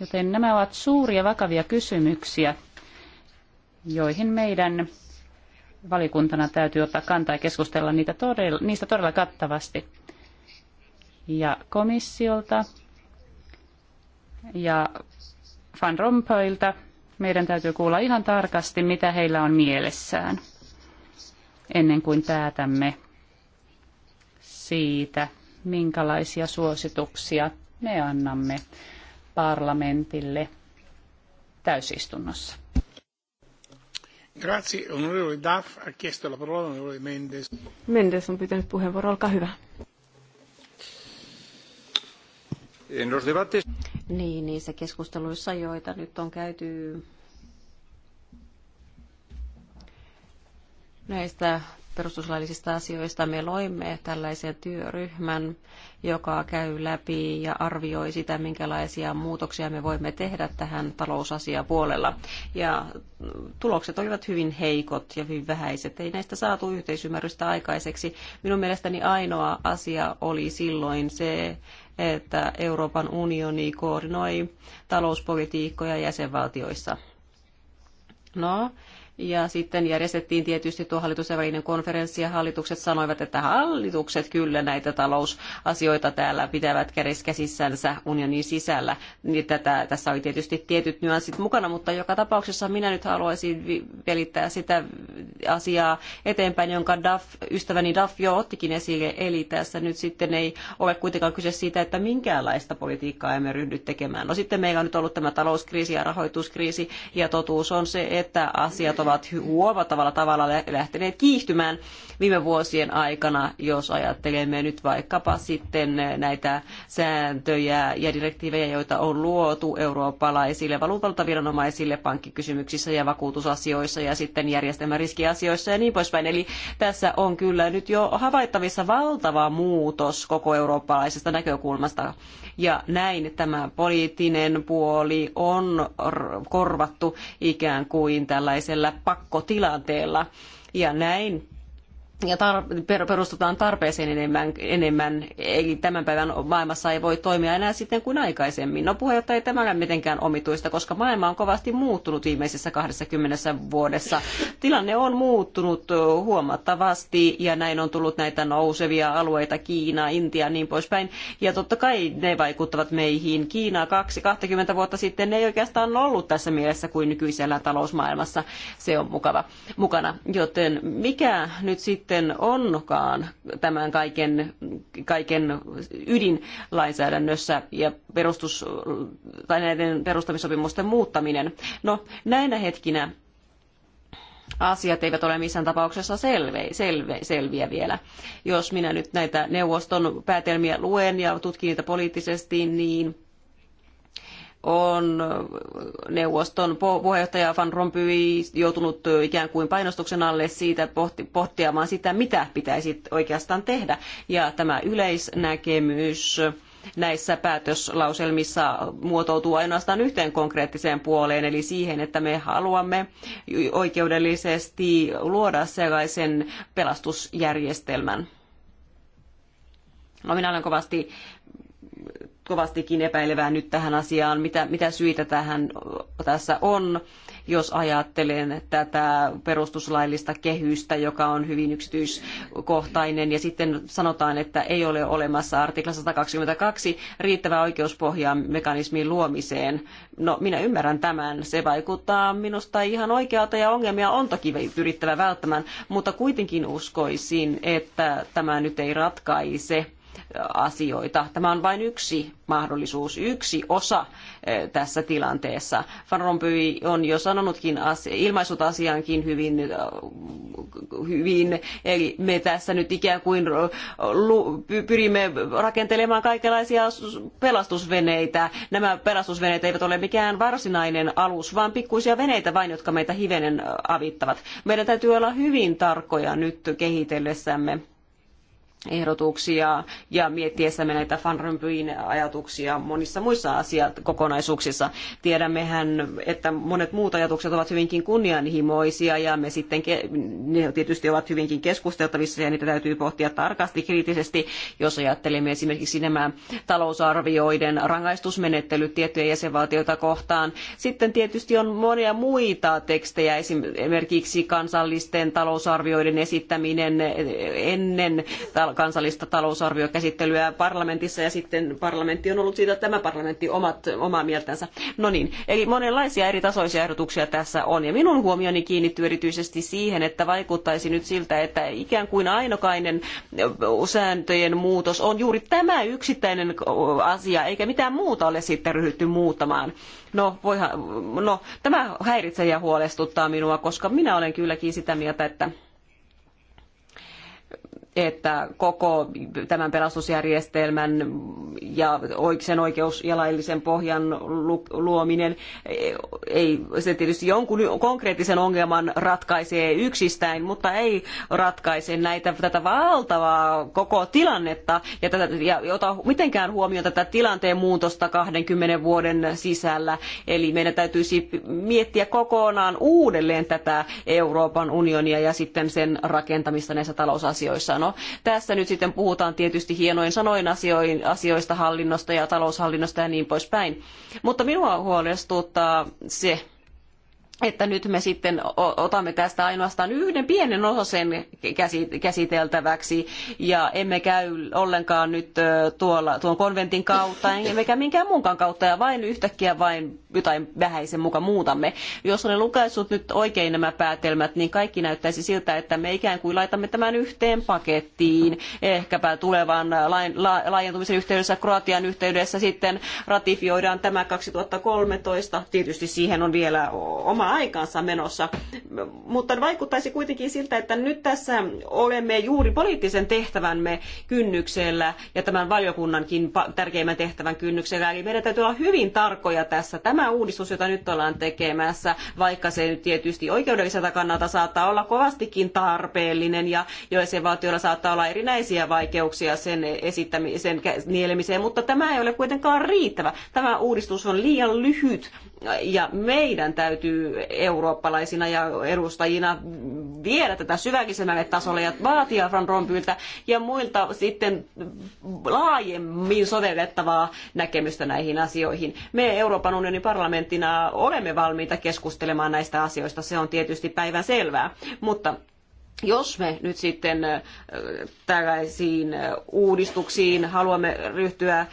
Speaker 3: Joten nämä ovat suuria vakavia kysymyksiä, joihin meidän valikuntana täytyy ottaa kantaa ja keskustella niitä todella, niistä todella kattavasti. Ja komissiolta ja Van Rompuylta meidän täytyy kuulla ihan tarkasti, mitä heillä on mielessään, ennen kuin päätämme siitä, minkälaisia suosituksia me annamme parlamentille täysistunnossa. Grazie, onorevole Duff. Ha chiesto la parola onorevole Mendes.
Speaker 1: Mendes on pyytänyt puheenvuoro, olkaa hyvä.
Speaker 3: En los debates...
Speaker 2: Niin, niissä keskusteluissa, joita nyt on käyty näistä perustuslaillisista asioista me loimme tällaisen työryhmän, joka käy läpi ja arvioi sitä, minkälaisia muutoksia me voimme tehdä tähän talousasiapuolella. Ja tulokset olivat hyvin heikot ja hyvin vähäiset. Ei näistä saatu yhteisymmärrystä aikaiseksi. Minun mielestäni ainoa asia oli silloin se, että Euroopan unioni koordinoi talouspolitiikkoja jäsenvaltioissa. No, ja sitten järjestettiin tietysti tuo välinen konferenssi ja hallitukset sanoivat, että hallitukset kyllä näitä talousasioita täällä pitävät käsissänsä unionin sisällä. Niin tätä, tässä oli tietysti tietyt nyanssit mukana, mutta joka tapauksessa minä nyt haluaisin pelittää sitä asiaa eteenpäin, jonka Duff, ystäväni Duff jo ottikin esille. Eli tässä nyt sitten ei ole kuitenkaan kyse siitä, että minkäänlaista politiikkaa emme ryhdy tekemään. No sitten meillä on nyt ollut tämä talouskriisi ja rahoituskriisi ja totuus on se, että asiat ovat ovat huomattavalla tavalla lähteneet kiihtymään viime vuosien aikana, jos ajattelemme nyt vaikkapa sitten näitä sääntöjä ja direktiivejä, joita on luotu eurooppalaisille valuutaltaviranomaisille pankkikysymyksissä ja vakuutusasioissa ja sitten järjestelmäriskiasioissa ja niin poispäin. Eli tässä on kyllä nyt jo havaittavissa valtava muutos koko eurooppalaisesta näkökulmasta. Ja näin tämä poliittinen puoli on korvattu ikään kuin tällaisella pakkotilanteella. Ja näin ja tar- perustutaan tarpeeseen enemmän, enemmän, eli tämän päivän maailmassa ei voi toimia enää sitten kuin aikaisemmin. No puheenjohtaja ei tämä ole mitenkään omituista, koska maailma on kovasti muuttunut viimeisessä 20 vuodessa. Tilanne on muuttunut huomattavasti ja näin on tullut näitä nousevia alueita, Kiina, Intia ja niin poispäin. Ja totta kai ne vaikuttavat meihin. Kiina 20 vuotta sitten ne ei oikeastaan ollut tässä mielessä kuin nykyisellä talousmaailmassa. Se on mukava mukana. Joten mikä nyt sitten sitten onkaan tämän kaiken, kaiken ydinlainsäädännössä ja perustus, tai näiden perustamissopimusten muuttaminen. No näinä hetkinä asiat eivät ole missään tapauksessa selve, selve, selviä vielä. Jos minä nyt näitä neuvoston päätelmiä luen ja tutkin niitä poliittisesti, niin on neuvoston puheenjohtaja Van Rompuy joutunut ikään kuin painostuksen alle siitä pohtiamaan sitä, mitä pitäisi oikeastaan tehdä. Ja tämä yleisnäkemys näissä päätöslauselmissa muotoutuu ainoastaan yhteen konkreettiseen puoleen, eli siihen, että me haluamme oikeudellisesti luoda sellaisen pelastusjärjestelmän. No, minä olen kovasti kovastikin epäilevää nyt tähän asiaan, mitä, mitä syitä tähän tässä on, jos ajattelen tätä perustuslaillista kehystä, joka on hyvin yksityiskohtainen, ja sitten sanotaan, että ei ole olemassa artikla 122 riittävää oikeuspohjaa mekanismin luomiseen. No, minä ymmärrän tämän. Se vaikuttaa minusta ihan oikealta, ja ongelmia on toki pyrittävä välttämään, mutta kuitenkin uskoisin, että tämä nyt ei ratkaise asioita. Tämä on vain yksi mahdollisuus, yksi osa eh, tässä tilanteessa. Van Rompuy on jo sanonutkin, ilmaisut asiankin hyvin, eh, hyvin, eli me tässä nyt ikään kuin pyrimme rakentelemaan kaikenlaisia pelastusveneitä. Nämä pelastusveneet eivät ole mikään varsinainen alus, vaan pikkuisia veneitä vain, jotka meitä hivenen eh, avittavat. Meidän täytyy olla hyvin tarkkoja nyt kehitellessämme ehdotuksia ja miettiessämme näitä Van Rompuyin ajatuksia monissa muissa asiakokonaisuuksissa. Tiedämmehän, että monet muut ajatukset ovat hyvinkin kunnianhimoisia ja me sitten ne tietysti ovat hyvinkin keskusteltavissa ja niitä täytyy pohtia tarkasti kriittisesti, jos ajattelemme esimerkiksi nämä talousarvioiden rangaistusmenettelyt tiettyjä jäsenvaltioita kohtaan. Sitten tietysti on monia muita tekstejä, esimerkiksi kansallisten talousarvioiden esittäminen ennen kansallista talousarviokäsittelyä parlamentissa ja sitten parlamentti on ollut siitä, tämä parlamentti omat, omaa mieltänsä. No niin, eli monenlaisia eri tasoisia ehdotuksia tässä on ja minun huomioni kiinnittyy erityisesti siihen, että vaikuttaisi nyt siltä, että ikään kuin ainokainen sääntöjen muutos on juuri tämä yksittäinen asia, eikä mitään muuta ole sitten ryhdytty muuttamaan. No, voihan, no tämä häiritsee ja huolestuttaa minua, koska minä olen kylläkin sitä mieltä, että että koko tämän pelastusjärjestelmän ja sen oikeus- ja laillisen pohjan luominen, eh, ei, se tietysti jonkun konkreettisen ongelman ratkaisee yksistään, mutta ei ratkaise näitä, tätä valtavaa koko tilannetta ja, tätä, ja ota mitenkään huomioon tätä tilanteen muutosta 20 vuoden sisällä. Eli meidän täytyisi miettiä kokonaan uudelleen tätä Euroopan unionia ja sitten sen rakentamista näissä talousasioissa. No tässä nyt sitten puhutaan tietysti hienoin sanoin asioista, hallinnosta ja taloushallinnosta ja niin poispäin. Mutta minua huolestuttaa se, että nyt me sitten otamme tästä ainoastaan yhden pienen osasen käsiteltäväksi ja emme käy ollenkaan nyt tuolla, tuon konventin kautta, emmekä minkään muunkaan kautta ja vain yhtäkkiä vain jotain vähäisen muka muutamme. Jos olen lukaissut nyt oikein nämä päätelmät, niin kaikki näyttäisi siltä, että me ikään kuin laitamme tämän yhteen pakettiin, ehkäpä tulevan laajentumisen yhteydessä, Kroatian yhteydessä sitten ratifioidaan tämä 2013. Tietysti siihen on vielä oma aikaansa menossa. Mutta vaikuttaisi kuitenkin siltä, että nyt tässä olemme juuri poliittisen tehtävämme kynnyksellä ja tämän valiokunnankin tärkeimmän tehtävän kynnyksellä. Eli meidän täytyy olla hyvin tarkkoja tässä. Tämä uudistus, jota nyt ollaan tekemässä, vaikka se nyt tietysti oikeudelliselta kannalta saattaa olla kovastikin tarpeellinen ja joisenvaltioilla saattaa olla erinäisiä vaikeuksia sen esittämiseen, sen nielemiseen, mutta tämä ei ole kuitenkaan riittävä. Tämä uudistus on liian lyhyt ja meidän täytyy eurooppalaisina ja edustajina viedä tätä syvällisemmälle tasolle ja vaatia Van rompuyltä ja muilta sitten laajemmin sovellettavaa näkemystä näihin asioihin. Me Euroopan unionin parlamenttina olemme valmiita keskustelemaan näistä asioista, se on tietysti päivän selvää, mutta jos me nyt sitten äh, tällaisiin äh, uudistuksiin haluamme ryhtyä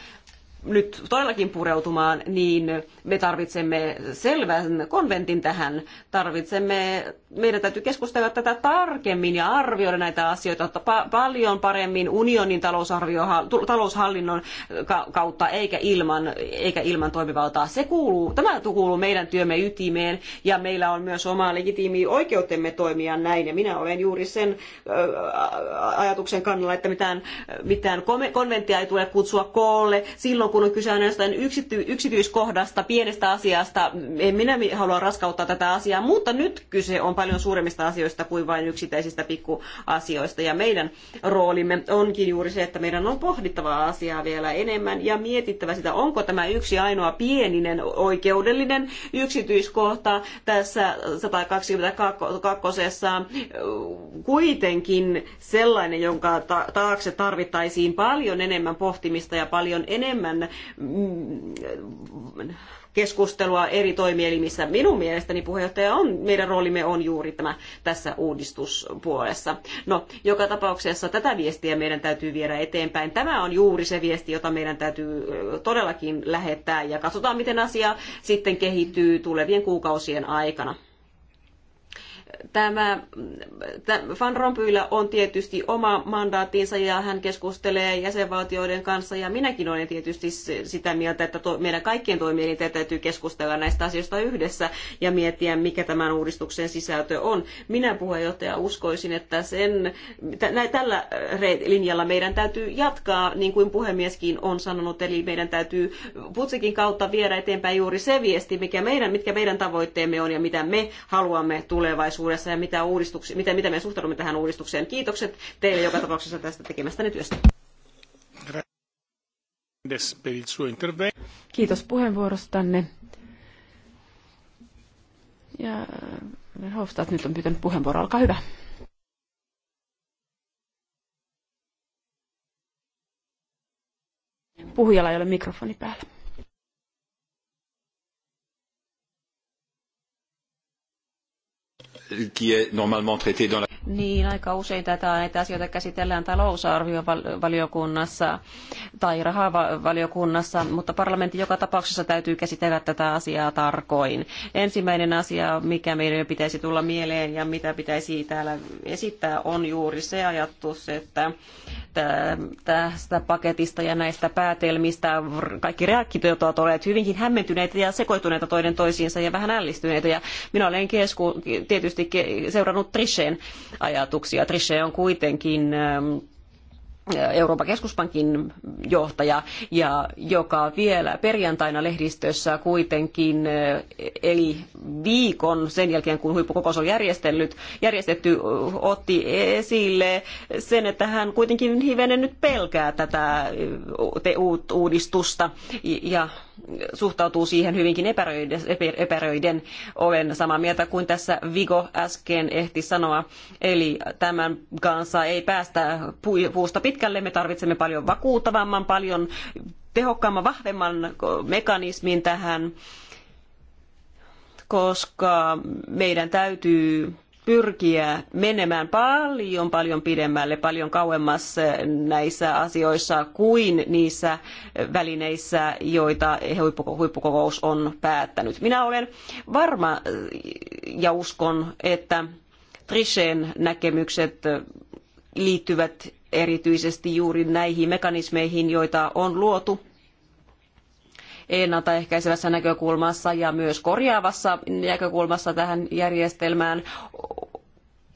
Speaker 2: nyt todellakin pureutumaan, niin me tarvitsemme selvän konventin tähän. Tarvitsemme, meidän täytyy keskustella tätä tarkemmin ja arvioida näitä asioita pa- paljon paremmin unionin talousarvio, taloushallinnon kautta eikä ilman, eikä ilman toimivaltaa. Se kuuluu, tämä kuuluu meidän työmme ytimeen ja meillä on myös oma legitiimi oikeutemme toimia näin. Ja minä olen juuri sen ajatuksen kannalla, että mitään, mitään konventtia ei tule kutsua koolle silloin, silloin kun on kyse jostain yksity, yksityiskohdasta, pienestä asiasta, en minä halua raskauttaa tätä asiaa, mutta nyt kyse on paljon suuremmista asioista kuin vain yksittäisistä pikkuasioista. Ja meidän roolimme onkin juuri se, että meidän on pohdittava asiaa vielä enemmän ja mietittävä sitä, onko tämä yksi ainoa pieninen oikeudellinen yksityiskohta tässä 122. kuitenkin sellainen, jonka taakse tarvittaisiin paljon enemmän pohtimista ja paljon enemmän enemmän mm, keskustelua eri toimielimissä. Minun mielestäni puheenjohtaja on, meidän roolimme on juuri tämä tässä uudistuspuolessa. No, joka tapauksessa tätä viestiä meidän täytyy viedä eteenpäin. Tämä on juuri se viesti, jota meidän täytyy todellakin lähettää ja katsotaan, miten asia sitten kehittyy tulevien kuukausien aikana tämä, tämä Van Rompuylla on tietysti oma mandaattinsa ja hän keskustelee jäsenvaltioiden kanssa ja minäkin olen tietysti sitä mieltä, että to, meidän kaikkien toimielinten täytyy keskustella näistä asioista yhdessä ja miettiä, mikä tämän uudistuksen sisältö on. Minä puheenjohtaja uskoisin, että sen, nä, tällä linjalla meidän täytyy jatkaa, niin kuin puhemieskin on sanonut, eli meidän täytyy Putsikin kautta viedä eteenpäin juuri se viesti, mikä meidän, mitkä meidän tavoitteemme on ja mitä me haluamme tulevaisuudessa tulevaisuudessa ja mitä uudistuksia, miten, miten me suhtaudumme tähän uudistukseen. Kiitokset teille joka tapauksessa tästä tekemästäni työstä.
Speaker 1: Kiitos puheenvuorostanne. Ja Hofstad nyt on pyytänyt puheenvuoro, olkaa hyvä. Puhujalla ei ole mikrofoni päällä. qui est normalement traité dans la
Speaker 2: niin, aika usein tätä, näitä asioita käsitellään talousarviovaliokunnassa tai rahavaliokunnassa, mutta parlamentti joka tapauksessa täytyy käsitellä tätä asiaa tarkoin. Ensimmäinen asia, mikä meidän pitäisi tulla mieleen ja mitä pitäisi täällä esittää, on juuri se ajatus, että tästä paketista ja näistä päätelmistä kaikki reaktiot ovat olleet hyvinkin hämmentyneitä ja sekoituneita toinen toisiinsa ja vähän ällistyneitä. Ja minä olen kesku, tietysti seurannut Trisheen ajatuksia. Trichet on kuitenkin ähm, äh, Euroopan keskuspankin johtaja, ja joka vielä perjantaina lehdistössä kuitenkin, äh, eli viikon sen jälkeen, kun huippukokous on järjestellyt, järjestetty, äh, otti esille sen, että hän kuitenkin hivenen nyt pelkää tätä uudistusta, ja suhtautuu siihen hyvinkin epäröiden. Olen samaa mieltä kuin tässä Vigo äsken ehti sanoa. Eli tämän kanssa ei päästä puusta pitkälle. Me tarvitsemme paljon vakuuttavamman, paljon tehokkaamman, vahvemman mekanismin tähän, koska meidän täytyy pyrkiä menemään paljon paljon pidemmälle, paljon kauemmas näissä asioissa kuin niissä välineissä, joita huippukokous on päättänyt. Minä olen varma ja uskon, että Trisheen näkemykset liittyvät erityisesti juuri näihin mekanismeihin, joita on luotu ennaltaehkäisevässä näkökulmassa ja myös korjaavassa näkökulmassa tähän järjestelmään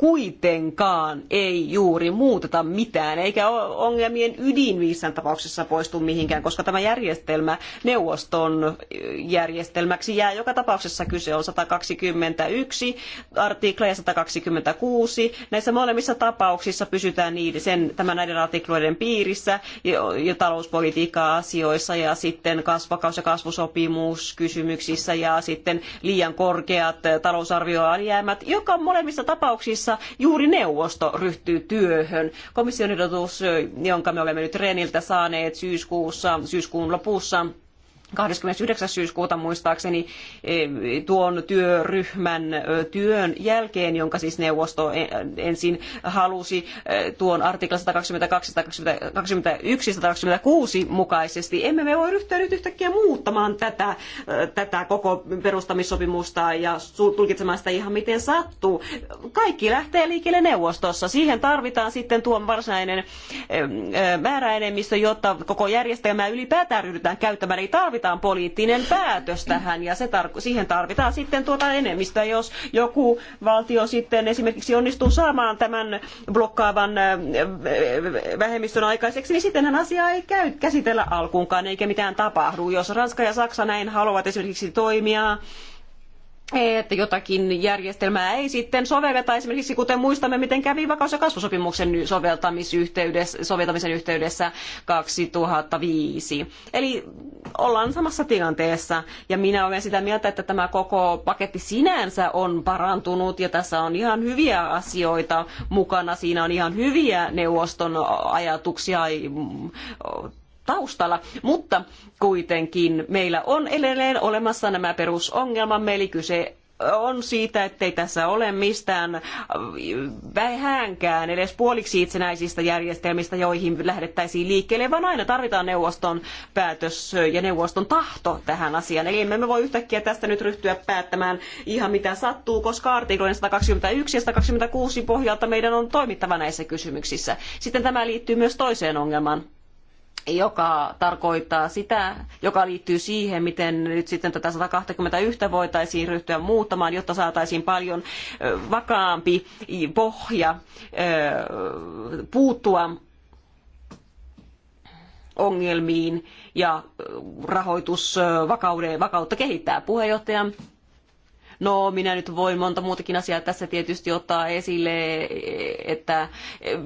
Speaker 2: kuitenkaan ei juuri muuteta mitään, eikä ongelmien ydin missään tapauksessa poistu mihinkään, koska tämä järjestelmä neuvoston järjestelmäksi jää joka tapauksessa kyse on 121 artikla ja 126. Näissä molemmissa tapauksissa pysytään niiden, sen, tämän näiden artikloiden piirissä jo, jo talouspolitiikka-asioissa ja sitten kasvakaus- ja kasvusopimuskysymyksissä ja sitten liian korkeat talousarvioalijäämät, joka molemmissa tapauksissa jossa juuri neuvosto ryhtyy työhön. Komission ehdotus, jonka me olemme nyt Reniltä saaneet syyskuussa, syyskuun lopussa, 29. syyskuuta muistaakseni eh, tuon työryhmän eh, työn jälkeen, jonka siis neuvosto eh, ensin halusi tuon artikla 122, 121, 126 mukaisesti. Emme me voi ryhtyä nyt yhtäkkiä muuttamaan tätä, tätä koko perustamissopimusta ja tulkitsemaan sitä ihan miten sattuu. Kaikki lähtee liikkeelle neuvostossa. Siihen tarvitaan sitten tuon varsinainen määräenemmistö, jotta koko järjestelmää ylipäätään ryhdytään käyttämään. Ei tarvita tarvitaan poliittinen päätös tähän ja se tar- siihen tarvitaan sitten tuota enemmistöä, jos joku valtio sitten esimerkiksi onnistuu saamaan tämän blokkaavan vähemmistön aikaiseksi, niin sittenhän asiaa ei käy käsitellä alkuunkaan eikä mitään tapahdu. Jos Ranska ja Saksa näin haluavat esimerkiksi toimia, että jotakin järjestelmää ei sitten sovelleta, esimerkiksi kuten muistamme, miten kävi vakaus- ja kasvusopimuksen soveltamisen yhteydessä 2005. Eli ollaan samassa tilanteessa, ja minä olen sitä mieltä, että tämä koko paketti sinänsä on parantunut, ja tässä on ihan hyviä asioita mukana, siinä on ihan hyviä neuvoston ajatuksia taustalla, mutta kuitenkin meillä on edelleen olemassa nämä perusongelmamme, eli kyse on siitä, ettei tässä ole mistään vähänkään edes puoliksi itsenäisistä järjestelmistä, joihin lähdettäisiin liikkeelle, vaan aina tarvitaan neuvoston päätös ja neuvoston tahto tähän asiaan. Eli emme me voi yhtäkkiä tästä nyt ryhtyä päättämään ihan mitä sattuu, koska artiklojen 121 ja 126 pohjalta meidän on toimittava näissä kysymyksissä. Sitten tämä liittyy myös toiseen ongelmaan joka tarkoittaa sitä, joka liittyy siihen, miten nyt sitten tätä 121 voitaisiin ryhtyä muuttamaan, jotta saataisiin paljon vakaampi pohja puuttua ongelmiin ja rahoitusvakautta kehittää. Puheenjohtaja No, minä nyt voin monta muutakin asiaa tässä tietysti ottaa esille että,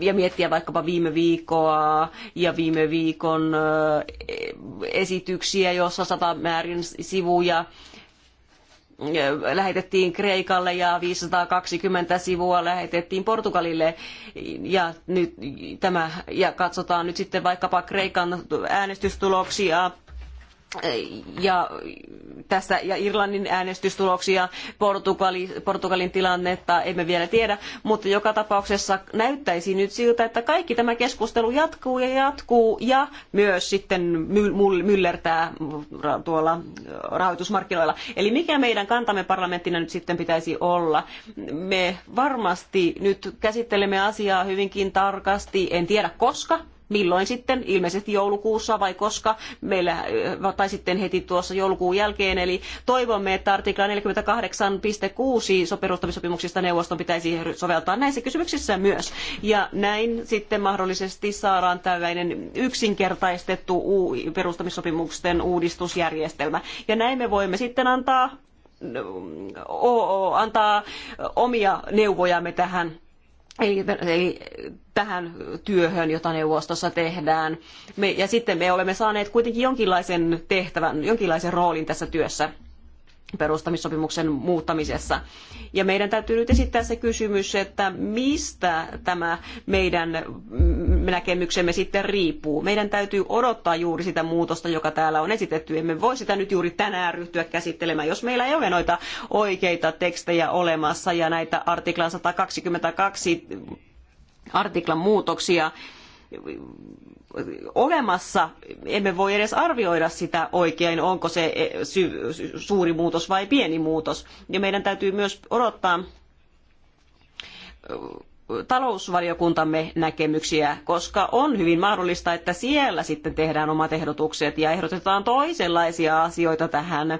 Speaker 2: ja miettiä vaikkapa viime viikkoa ja viime viikon esityksiä, jossa sata määrin sivuja lähetettiin Kreikalle ja 520 sivua lähetettiin Portugalille. Ja, nyt tämä, ja katsotaan nyt sitten vaikkapa Kreikan äänestystuloksia ja, tässä, ja Irlannin äänestystuloksia, Portugali, Portugalin tilannetta emme vielä tiedä, mutta joka tapauksessa näyttäisi nyt siltä, että kaikki tämä keskustelu jatkuu ja jatkuu ja myös sitten myllertää tuolla rahoitusmarkkinoilla. Eli mikä meidän kantamme parlamenttina nyt sitten pitäisi olla? Me varmasti nyt käsittelemme asiaa hyvinkin tarkasti, en tiedä koska, milloin sitten, ilmeisesti joulukuussa vai koska, meillä, tai sitten heti tuossa joulukuun jälkeen. Eli toivomme, että artikla 48.6 perustamissopimuksista neuvoston pitäisi soveltaa näissä kysymyksissä myös. Ja näin sitten mahdollisesti saadaan tällainen yksinkertaistettu perustamissopimusten uudistusjärjestelmä. Ja näin me voimme sitten antaa, antaa omia neuvojamme tähän ei, ei, tähän työhön, jota neuvostossa tehdään. Me, ja sitten me olemme saaneet kuitenkin jonkinlaisen tehtävän, jonkinlaisen roolin tässä työssä perustamissopimuksen muuttamisessa. Ja meidän täytyy nyt esittää se kysymys, että mistä tämä meidän näkemyksemme sitten riippuu. Meidän täytyy odottaa juuri sitä muutosta, joka täällä on esitetty. Emme voi sitä nyt juuri tänään ryhtyä käsittelemään, jos meillä ei ole noita oikeita tekstejä olemassa ja näitä artiklan 122 artiklan muutoksia olemassa, emme voi edes arvioida sitä oikein, onko se e, suuri muutos vai pieni muutos. Ja meidän täytyy myös odottaa talousvaliokuntamme näkemyksiä, koska on hyvin mahdollista, että siellä sitten tehdään omat ehdotukset ja ehdotetaan toisenlaisia asioita tähän,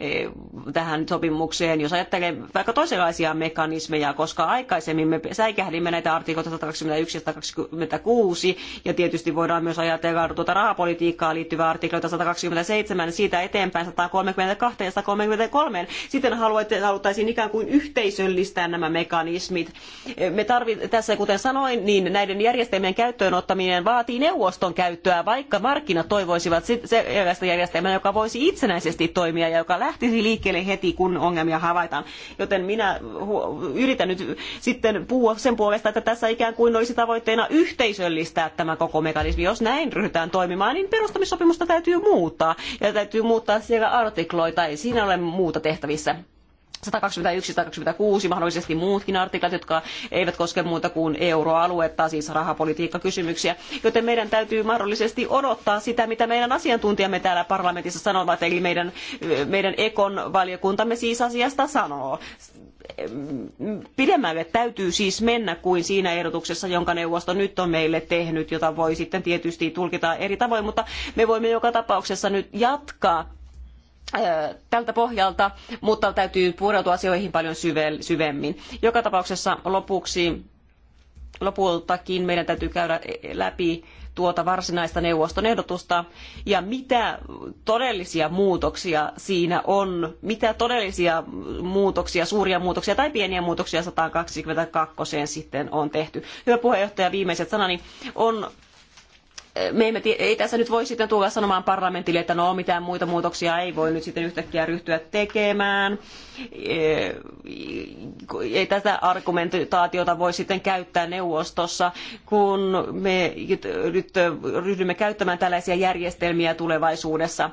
Speaker 2: eh, tähän sopimukseen, jos ajattelee vaikka toisenlaisia mekanismeja, koska aikaisemmin me säikähdimme näitä artikoita 121 ja 126 ja tietysti voidaan myös ajatella tuota rahapolitiikkaa liittyvää artikloita 127, siitä eteenpäin 132 ja 133. Sitten haluttaisiin ikään kuin yhteisöllistää nämä mekanismit. Me tarvitsemme tässä kuten sanoin, niin näiden järjestelmien käyttöön ottaminen vaatii neuvoston käyttöä, vaikka markkinat toivoisivat sellaista järjestelmää, joka voisi itsenäisesti toimia ja joka lähtisi liikkeelle heti, kun ongelmia havaitaan. Joten minä yritän nyt sitten puhua sen puolesta, että tässä ikään kuin olisi tavoitteena yhteisöllistää tämä koko mekanismi. Jos näin ryhdytään toimimaan, niin perustamissopimusta täytyy muuttaa ja täytyy muuttaa siellä artikloita. Ei siinä ole muuta tehtävissä. 121, 126, mahdollisesti muutkin artiklat, jotka eivät koske muuta kuin euroaluetta, siis rahapolitiikkakysymyksiä. Joten meidän täytyy mahdollisesti odottaa sitä, mitä meidän asiantuntijamme täällä parlamentissa sanovat, eli meidän, meidän ekon valiokuntamme siis asiasta sanoo. Pidemmälle täytyy siis mennä kuin siinä ehdotuksessa, jonka neuvosto nyt on meille tehnyt, jota voi sitten tietysti tulkita eri tavoin, mutta me voimme joka tapauksessa nyt jatkaa tältä pohjalta, mutta täytyy pureutua asioihin paljon syvemmin. Joka tapauksessa lopuksi, lopultakin meidän täytyy käydä läpi tuota varsinaista neuvoston ehdotusta ja mitä todellisia muutoksia siinä on, mitä todellisia muutoksia, suuria muutoksia tai pieniä muutoksia 122 sitten on tehty. Hyvä puheenjohtaja, viimeiset sanani on me emme, ei tässä nyt voi sitten tulla sanomaan parlamentille, että no mitään muita muutoksia ei voi nyt sitten yhtäkkiä ryhtyä tekemään. Ei tätä argumentaatiota voi sitten käyttää neuvostossa, kun me nyt ryhdymme käyttämään tällaisia järjestelmiä tulevaisuudessa.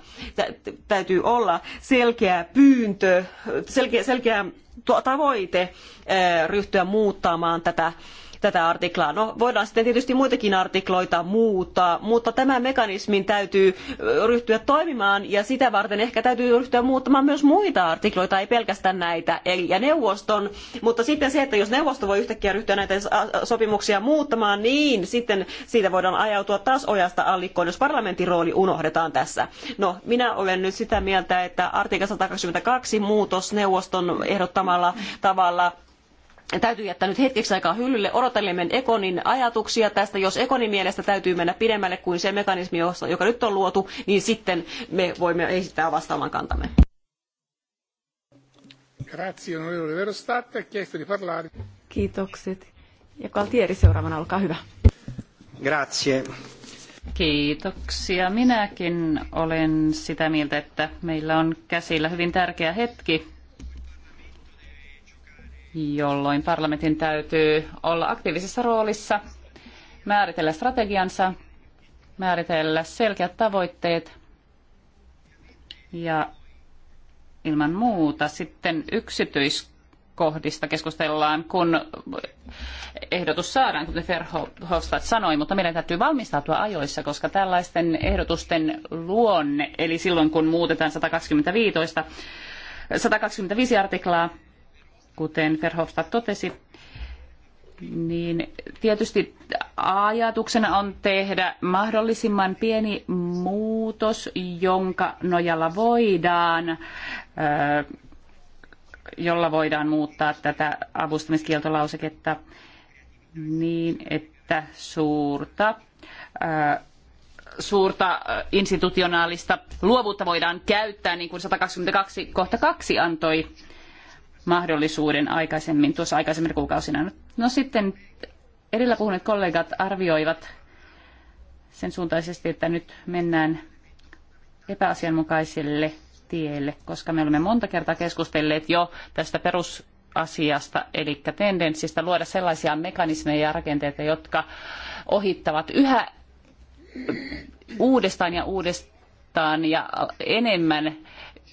Speaker 2: Täytyy olla selkeä pyyntö, selkeä, selkeä tavoite ryhtyä muuttamaan tätä tätä artiklaa. No voidaan sitten tietysti muitakin artikloita muuttaa, mutta tämän mekanismin täytyy ryhtyä toimimaan ja sitä varten ehkä täytyy ryhtyä muuttamaan myös muita artikloita, ei pelkästään näitä, eli ja neuvoston. Mutta sitten se, että jos neuvosto voi yhtäkkiä ryhtyä näitä sopimuksia muuttamaan, niin sitten siitä voidaan ajautua taas ojasta allikkoon, jos parlamentin rooli unohdetaan tässä. No, minä olen nyt sitä mieltä, että artikla 122 muutos neuvoston ehdottamalla tavalla täytyy jättää nyt hetkeksi aikaa hyllylle. Odotelemme Ekonin ajatuksia tästä. Jos Ekonin mielestä täytyy mennä pidemmälle kuin se mekanismi, joka nyt on luotu, niin sitten me voimme esittää vastaavan kantamme.
Speaker 3: Grazie,
Speaker 1: Kiitokset. Ja Kaltieri seuraavana, olkaa hyvä. Grazie. Kiitoksia.
Speaker 3: Minäkin olen sitä mieltä, että meillä on käsillä hyvin tärkeä hetki jolloin parlamentin täytyy olla aktiivisessa roolissa, määritellä strategiansa, määritellä selkeät tavoitteet ja ilman muuta sitten yksityiskohdista keskustellaan, kun ehdotus saadaan, kuten Verhofstadt sanoi, mutta meidän täytyy valmistautua ajoissa, koska tällaisten ehdotusten luonne, eli silloin kun muutetaan 125, 125 artiklaa, kuten Verhofstadt totesi, niin tietysti ajatuksena on tehdä mahdollisimman pieni muutos, jonka nojalla voidaan, jolla voidaan muuttaa tätä avustamiskieltolauseketta niin, että suurta suurta institutionaalista luovuutta voidaan käyttää, niin kuin 122 kohta 2 antoi mahdollisuuden aikaisemmin, tuossa aikaisemmin kuukausina. No sitten edellä puhuneet kollegat arvioivat sen suuntaisesti, että nyt mennään epäasianmukaiselle tielle, koska me olemme monta kertaa keskustelleet jo tästä perusasiasta, eli tendenssistä luoda sellaisia mekanismeja ja rakenteita, jotka ohittavat yhä uudestaan ja uudestaan ja enemmän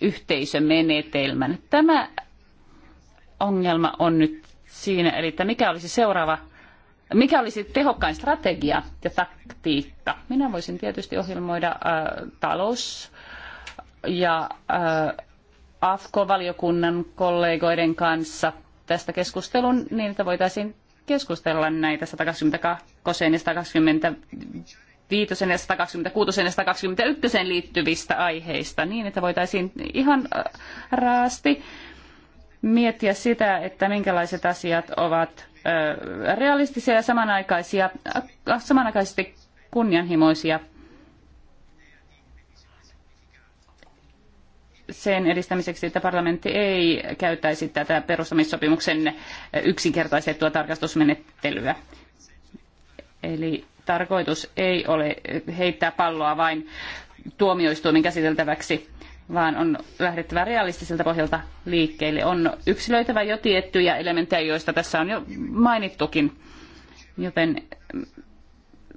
Speaker 3: yhteisömenetelmän. Tämä ongelma on nyt siinä, eli että mikä olisi seuraava, mikä olisi tehokkain strategia ja taktiikka. Minä voisin tietysti ohjelmoida äh, talous ja äh, AFKO-valiokunnan kollegoiden kanssa tästä keskustelun, niin että voitaisiin keskustella näitä 122 ja 125 ja 126 ja 121 liittyvistä aiheista niin, että voitaisiin ihan äh, raasti miettiä sitä, että minkälaiset asiat ovat realistisia ja samanaikaisia, samanaikaisesti kunnianhimoisia sen edistämiseksi, että parlamentti ei käyttäisi tätä perustamissopimuksen yksinkertaistettua tarkastusmenettelyä. Eli tarkoitus ei ole heittää palloa vain tuomioistuimen käsiteltäväksi, vaan on lähdettävä realistiselta pohjalta liikkeelle. On yksilöitävä jo tiettyjä elementtejä, joista tässä on jo mainittukin. Joten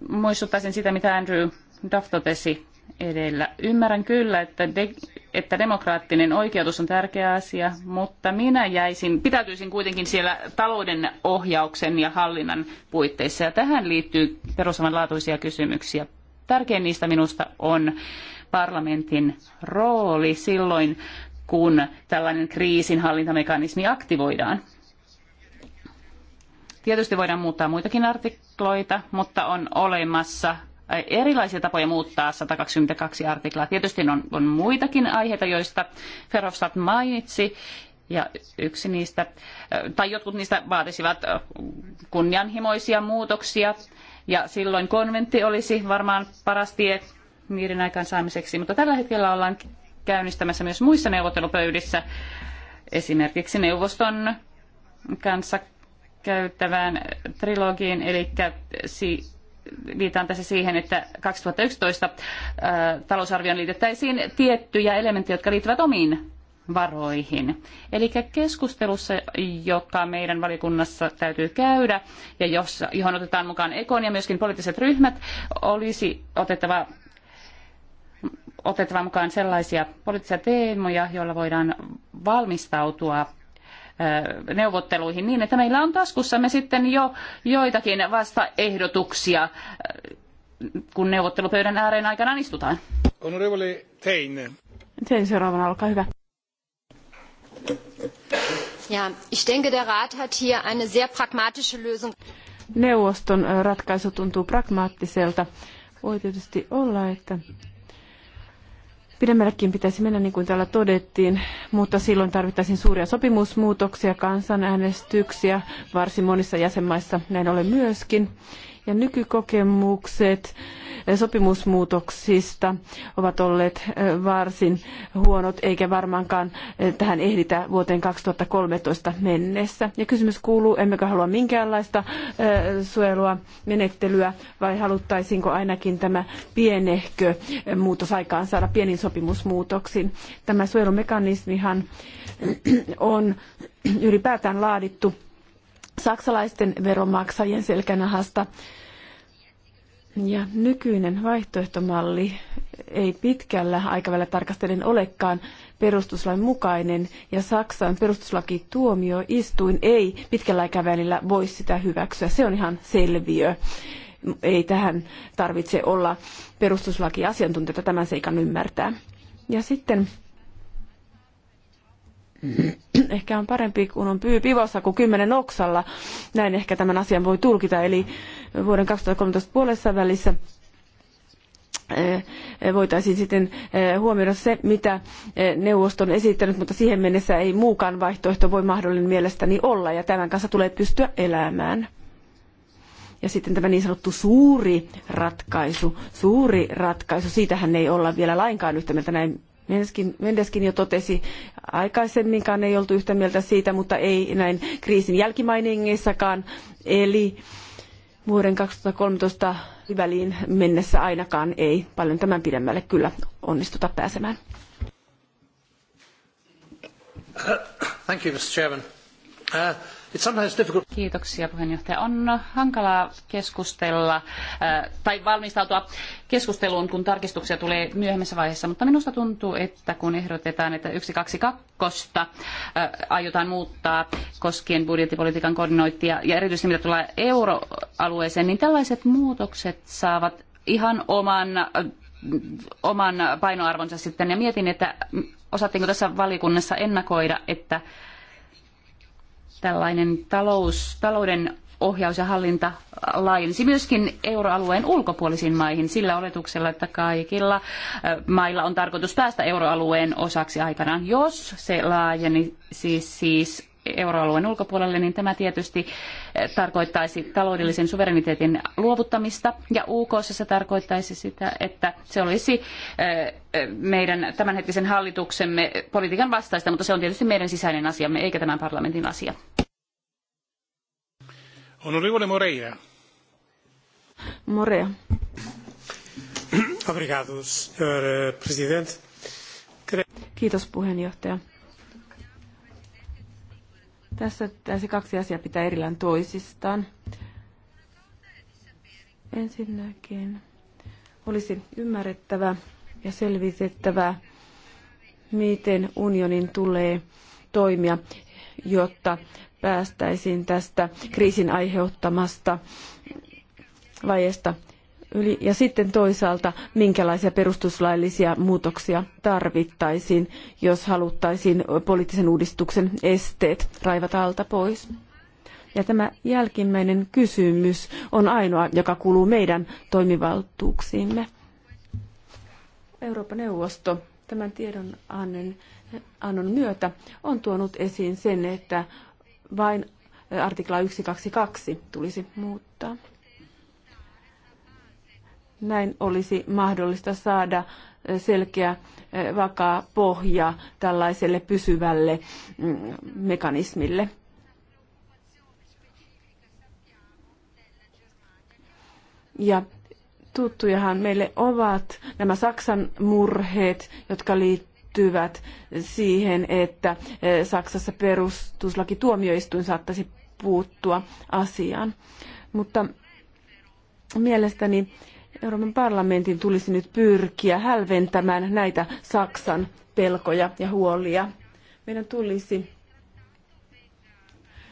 Speaker 3: muistuttaisin sitä, mitä Andrew Duff totesi edellä. Ymmärrän kyllä, että, de, että demokraattinen oikeutus on tärkeä asia, mutta minä jäisin, pitäytyisin kuitenkin siellä talouden ohjauksen ja hallinnan puitteissa. Ja tähän liittyy perustavanlaatuisia kysymyksiä. Tärkein niistä minusta on parlamentin rooli silloin, kun tällainen kriisinhallintamekanismi aktivoidaan. Tietysti voidaan muuttaa muitakin artikloita, mutta on olemassa erilaisia tapoja muuttaa 122 artiklaa. Tietysti on, on muitakin aiheita, joista Verhofstadt mainitsi, ja yksi niistä, tai jotkut niistä vaatisivat kunnianhimoisia muutoksia, ja silloin konventti olisi varmaan paras tie niiden aikaansaamiseksi, mutta tällä hetkellä ollaan käynnistämässä myös muissa neuvottelupöydissä, esimerkiksi neuvoston kanssa käyttävään trilogiin, eli si- viitaan tässä siihen, että 2011 ää, äh, talousarvioon liitettäisiin tiettyjä elementtejä, jotka liittyvät omiin varoihin. Eli keskustelussa, joka meidän valiokunnassa täytyy käydä ja jossa, johon otetaan mukaan ekon ja myöskin poliittiset ryhmät, olisi otettava otettava mukaan sellaisia poliittisia teemoja, joilla voidaan valmistautua neuvotteluihin niin, että meillä on taskussamme sitten jo joitakin vastaehdotuksia, kun neuvottelupöydän ääreen aikanaan istutaan. Honorable Tein.
Speaker 1: Tein seuraavana, olkaa hyvä.
Speaker 3: Ja, ich denke, der Rat hat
Speaker 2: hier eine sehr pragmatische Lösung.
Speaker 1: Neuvoston ratkaisu tuntuu pragmaattiselta. Voi tietysti olla, että Pidemmällekin pitäisi mennä, niin kuin täällä todettiin, mutta silloin tarvittaisiin suuria sopimusmuutoksia, kansanäänestyksiä, varsin monissa jäsenmaissa näin ole myöskin ja nykykokemukset sopimusmuutoksista ovat olleet varsin huonot, eikä varmaankaan tähän ehditä vuoteen 2013 mennessä. Ja kysymys kuuluu, emmekö halua minkäänlaista suojelua, menettelyä, vai haluttaisiinko ainakin tämä pienehkö muutos aikaan saada pienin sopimusmuutoksin. Tämä suojelumekanismihan on ylipäätään laadittu saksalaisten veromaksajien selkänahasta. Ja nykyinen vaihtoehtomalli ei pitkällä aikavälillä tarkastellen olekaan perustuslain mukainen, ja Saksan perustuslakituomioistuin ei pitkällä aikavälillä voi sitä hyväksyä. Se on ihan selviö. Ei tähän tarvitse olla perustuslakiasiantuntijoita tämän seikan ymmärtää. Ja sitten ehkä on parempi, kun on pyy pivossa kuin kymmenen oksalla. Näin ehkä tämän asian voi tulkita. Eli vuoden 2013 puolessa välissä eh, voitaisiin sitten eh, huomioida se, mitä eh, neuvosto on esittänyt, mutta siihen mennessä ei muukaan vaihtoehto voi mahdollinen mielestäni olla, ja tämän kanssa tulee pystyä elämään. Ja sitten tämä niin sanottu suuri ratkaisu, suuri ratkaisu, siitähän ei olla vielä lainkaan yhtä mieltä, näin Mendeskin, jo totesi aikaisemminkaan, ei oltu yhtä mieltä siitä, mutta ei näin kriisin jälkimainingeissakaan. Eli vuoden 2013 väliin mennessä ainakaan ei paljon tämän pidemmälle kyllä onnistuta pääsemään.
Speaker 3: Thank you, Mr. Chairman. Uh... Kiitoksia puheenjohtaja. On äh, hankalaa keskustella äh, tai valmistautua keskusteluun, kun tarkistuksia tulee myöhemmässä vaiheessa, mutta minusta tuntuu, että kun ehdotetaan, että 122 äh, aiotaan muuttaa koskien budjettipolitiikan koordinointia ja erityisesti mitä tulee euroalueeseen, niin tällaiset muutokset saavat ihan oman oman painoarvonsa sitten ja mietin, että osattiinko tässä valiokunnassa ennakoida, että tällainen talous, talouden ohjaus ja hallinta laajensi myöskin euroalueen ulkopuolisiin maihin sillä oletuksella, että kaikilla mailla on tarkoitus päästä euroalueen osaksi aikanaan, jos se laajeni siis, siis euroalueen ulkopuolelle, niin tämä tietysti eh, tarkoittaisi taloudellisen suvereniteetin luovuttamista. Ja UK se tarkoittaisi sitä, että se olisi eh, eh, meidän tämänhetkisen hallituksemme politiikan vastaista, mutta se on tietysti meidän sisäinen asiamme, eikä tämän parlamentin asia.
Speaker 1: Onorevole Moreira. Moreira. Obrigado, senhor presidente. Kiitos puheenjohtaja. Tässä se kaksi asiaa pitää erillään toisistaan. Ensinnäkin olisi ymmärrettävä ja selvitettävä, miten unionin tulee toimia, jotta päästäisiin tästä kriisin aiheuttamasta vaiheesta yli ja sitten toisaalta minkälaisia perustuslaillisia muutoksia tarvittaisiin, jos haluttaisiin poliittisen uudistuksen esteet raivata alta pois. Ja tämä jälkimmäinen kysymys on ainoa, joka kuuluu meidän toimivaltuuksiimme. Euroopan neuvosto tämän tiedon annon myötä on tuonut esiin sen, että vain artikla 122 tulisi muuttaa. Näin olisi mahdollista saada selkeä vakaa pohja tällaiselle pysyvälle mm, mekanismille. Ja tuttujahan meille ovat nämä Saksan murheet, jotka liittyvät siihen, että Saksassa perustuslaki tuomioistuin saattaisi puuttua asiaan. Mutta mielestäni Euroopan parlamentin tulisi nyt pyrkiä hälventämään näitä Saksan pelkoja ja huolia. Meidän tulisi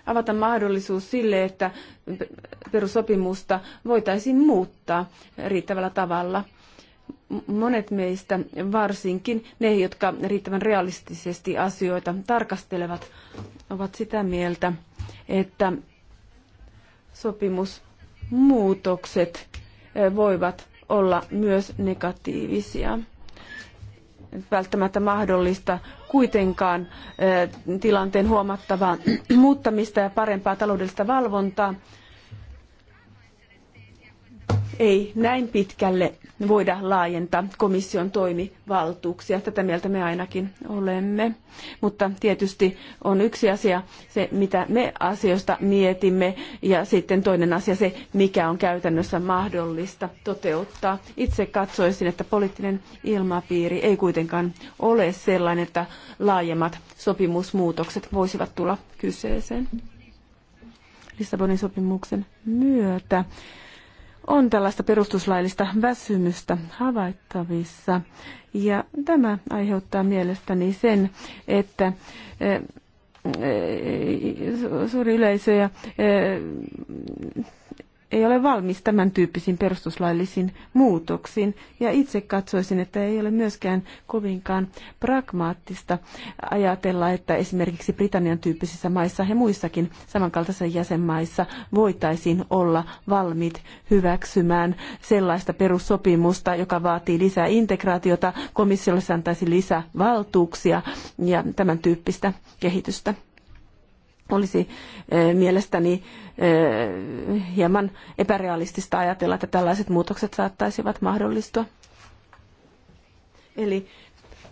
Speaker 1: avata mahdollisuus sille, että perusopimusta voitaisiin muuttaa riittävällä tavalla. Monet meistä, varsinkin ne, jotka riittävän realistisesti asioita tarkastelevat, ovat sitä mieltä, että sopimusmuutokset voivat olla myös negatiivisia. Välttämättä mahdollista kuitenkaan eh, tilanteen huomattavaa muuttamista ja parempaa taloudellista valvontaa ei näin pitkälle voida laajentaa komission toimivaltuuksia. Tätä mieltä me ainakin olemme. Mutta tietysti on yksi asia se, mitä me asioista mietimme, ja sitten toinen asia se, mikä on käytännössä mahdollista toteuttaa. Itse katsoisin, että poliittinen ilmapiiri ei kuitenkaan ole sellainen, että laajemmat sopimusmuutokset voisivat tulla kyseeseen. Lissabonin sopimuksen myötä on tällaista perustuslaillista väsymystä havaittavissa. Ja tämä aiheuttaa mielestäni sen, että e, e, e, suuri yleisö ja ei ole valmis tämän tyyppisiin perustuslaillisiin muutoksiin. Ja itse katsoisin, että ei ole myöskään kovinkaan pragmaattista ajatella, että esimerkiksi Britannian tyyppisissä maissa ja muissakin samankaltaisissa jäsenmaissa voitaisiin olla valmiit hyväksymään sellaista perussopimusta, joka vaatii lisää integraatiota, komissiolle antaisi lisää valtuuksia ja tämän tyyppistä kehitystä olisi eh, mielestäni eh, hieman epärealistista ajatella, että tällaiset muutokset saattaisivat mahdollistua. Eli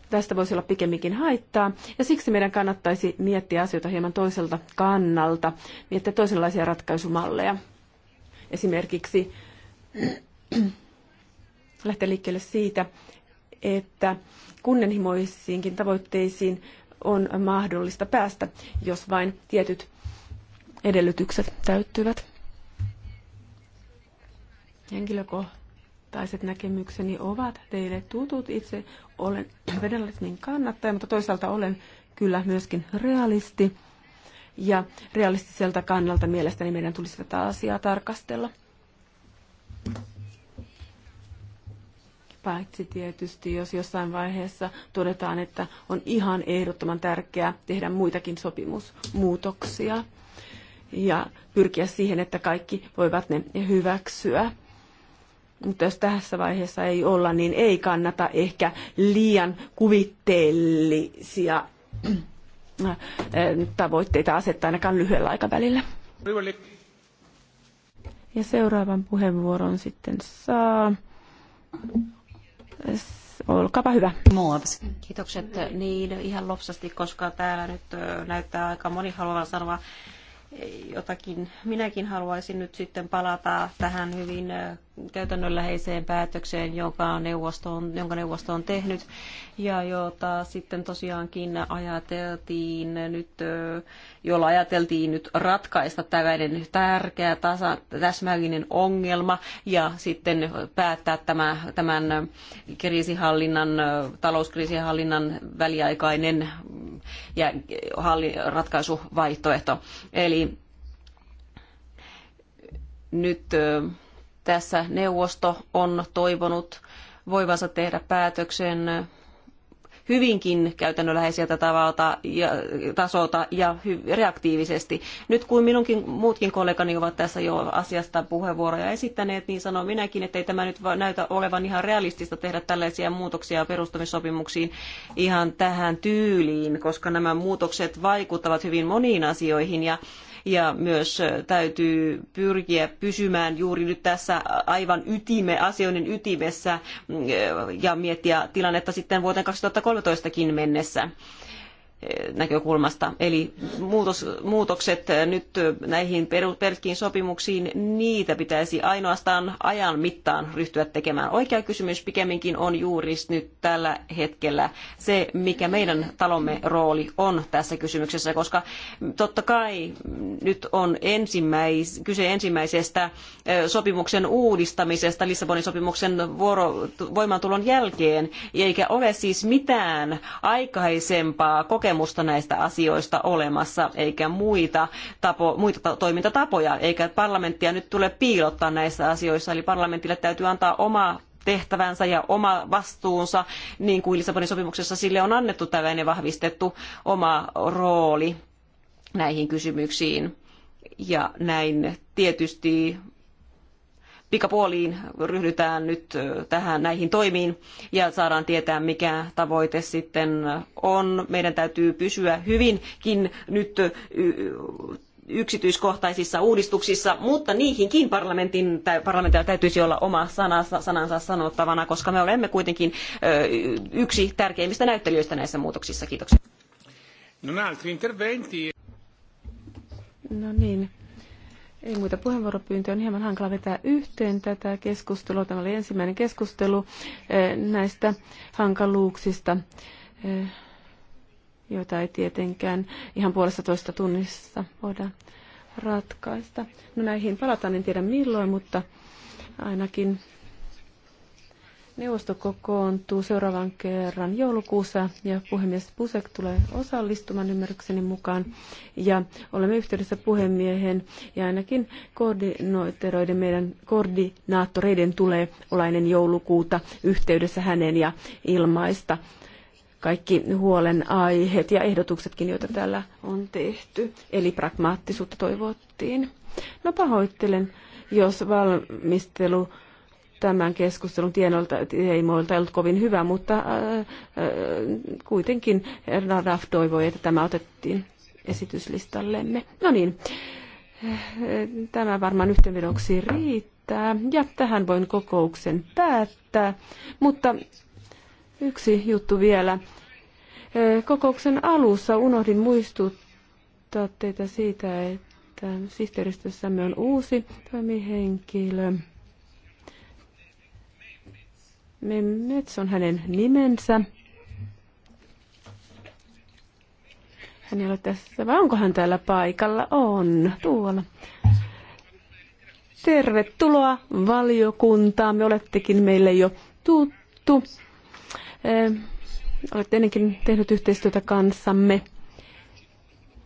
Speaker 1: tästä voisi olla pikemminkin haittaa, ja siksi meidän kannattaisi miettiä asioita hieman toiselta kannalta, miettiä toisenlaisia ratkaisumalleja. Esimerkiksi lähteä liikkeelle siitä, että kunnianhimoisiinkin tavoitteisiin on mahdollista päästä, jos vain tietyt edellytykset täyttyvät. Henkilökohtaiset näkemykseni ovat teille tutut. Itse olen vedellisen kannattaja, mutta toisaalta olen kyllä myöskin realisti. Ja realistiselta kannalta mielestäni meidän tulisi tätä asiaa tarkastella. Paitsi tietysti, jos jossain vaiheessa todetaan, että on ihan ehdottoman tärkeää tehdä muitakin sopimusmuutoksia ja pyrkiä siihen, että kaikki voivat ne hyväksyä. Mutta jos tässä vaiheessa ei olla, niin ei kannata ehkä liian kuvitteellisia äh, tavoitteita asettaa ainakaan lyhyellä aikavälillä. Ja seuraavan puheenvuoron sitten saa Olkaapa hyvä.
Speaker 2: Kiitokset niin ihan lopsasti, koska täällä nyt näyttää aika moni haluaa sanoa jotakin. Minäkin haluaisin nyt sitten palata tähän hyvin käytännönläheiseen päätökseen, jonka neuvosto on, jonka neuvosto on tehnyt ja jota sitten tosiaankin ajateltiin nyt, jolla ajateltiin nyt ratkaista tällainen tärkeä tasa, täsmällinen ongelma ja sitten päättää tämä, tämän kriisihallinnan, talouskriisihallinnan väliaikainen mm, ja halli, ratkaisuvaihtoehto. Eli nyt tässä neuvosto on toivonut voivansa tehdä päätöksen hyvinkin käytännönläheiseltä tavalta ja tasolta ja reaktiivisesti. Nyt kun minunkin muutkin kollegani ovat tässä jo asiasta puheenvuoroja esittäneet, niin sanon minäkin, että ei tämä nyt näytä olevan ihan realistista tehdä tällaisia muutoksia perustamissopimuksiin ihan tähän tyyliin, koska nämä muutokset vaikuttavat hyvin moniin asioihin ja ja myös täytyy pyrkiä pysymään juuri nyt tässä aivan ytime, asioiden ytimessä mm, ja miettiä tilannetta sitten vuoteen 2013kin mennessä näkökulmasta. Eli muutos, muutokset nyt näihin pelkkiin sopimuksiin, niitä pitäisi ainoastaan ajan mittaan ryhtyä tekemään. Oikea kysymys pikemminkin on juuri nyt tällä hetkellä se, mikä meidän talomme rooli on tässä kysymyksessä, koska totta kai nyt on ensimmäis, kyse ensimmäisestä sopimuksen uudistamisesta Lissabonin sopimuksen vuoro, voimaantulon jälkeen, eikä ole siis mitään aikaisempaa kokemusta kokemusta näistä asioista olemassa, eikä muita, tapo, muita toimintatapoja, eikä parlamenttia nyt tule piilottaa näissä asioissa, eli parlamentille täytyy antaa oma tehtävänsä ja oma vastuunsa, niin kuin Lissabonin sopimuksessa sille on annettu tällainen vahvistettu oma rooli näihin kysymyksiin. Ja näin tietysti pikapuoliin ryhdytään nyt tähän näihin toimiin ja saadaan tietää, mikä tavoite sitten on. Meidän täytyy pysyä hyvinkin nyt yksityiskohtaisissa uudistuksissa, mutta niihinkin parlamentin, parlamentilla täytyisi olla oma sanansa, sanansa sanottavana, koska me olemme kuitenkin yksi tärkeimmistä näyttelijöistä näissä muutoksissa.
Speaker 1: Kiitoksia. No niin, ei muita puheenvuoropyyntöjä. On hieman hankala vetää yhteen tätä keskustelua. Tämä oli ensimmäinen keskustelu eh, näistä hankaluuksista, eh, joita ei tietenkään ihan puolesta toista tunnissa voida ratkaista. No näihin palataan, en tiedä milloin, mutta ainakin Neuvosto kokoontuu seuraavan kerran joulukuussa ja puhemies Pusek tulee osallistumaan ymmärrykseni mukaan. Ja olemme yhteydessä puhemiehen ja ainakin koordinoiteroiden meidän koordinaattoreiden tulee olla ennen joulukuuta yhteydessä häneen ja ilmaista kaikki huolenaiheet ja ehdotuksetkin, joita täällä on tehty. Eli pragmaattisuutta toivottiin. No pahoittelen, jos valmistelu tämän keskustelun tienoilta, tiimoilta ei ollut kovin hyvä, mutta äh, äh, kuitenkin Raff toivoi, että tämä otettiin esityslistallemme. No niin, äh, tämä varmaan yhteenvedoksi riittää ja tähän voin kokouksen päättää, mutta yksi juttu vielä. Äh, kokouksen alussa unohdin muistuttaa teitä siitä, että sihteeristössämme on uusi toimihenkilö. Memmets on hänen nimensä. Hän ei ole tässä, vai onko hän täällä paikalla? On, tuolla. Tervetuloa valiokuntaan. Me olettekin meille jo tuttu. Ö, eh, olette ennenkin tehnyt yhteistyötä kanssamme.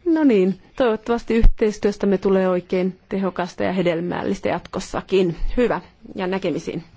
Speaker 1: No niin, toivottavasti yhteistyöstämme tulee oikein tehokasta ja hedelmällistä jatkossakin. Hyvä ja näkemisiin.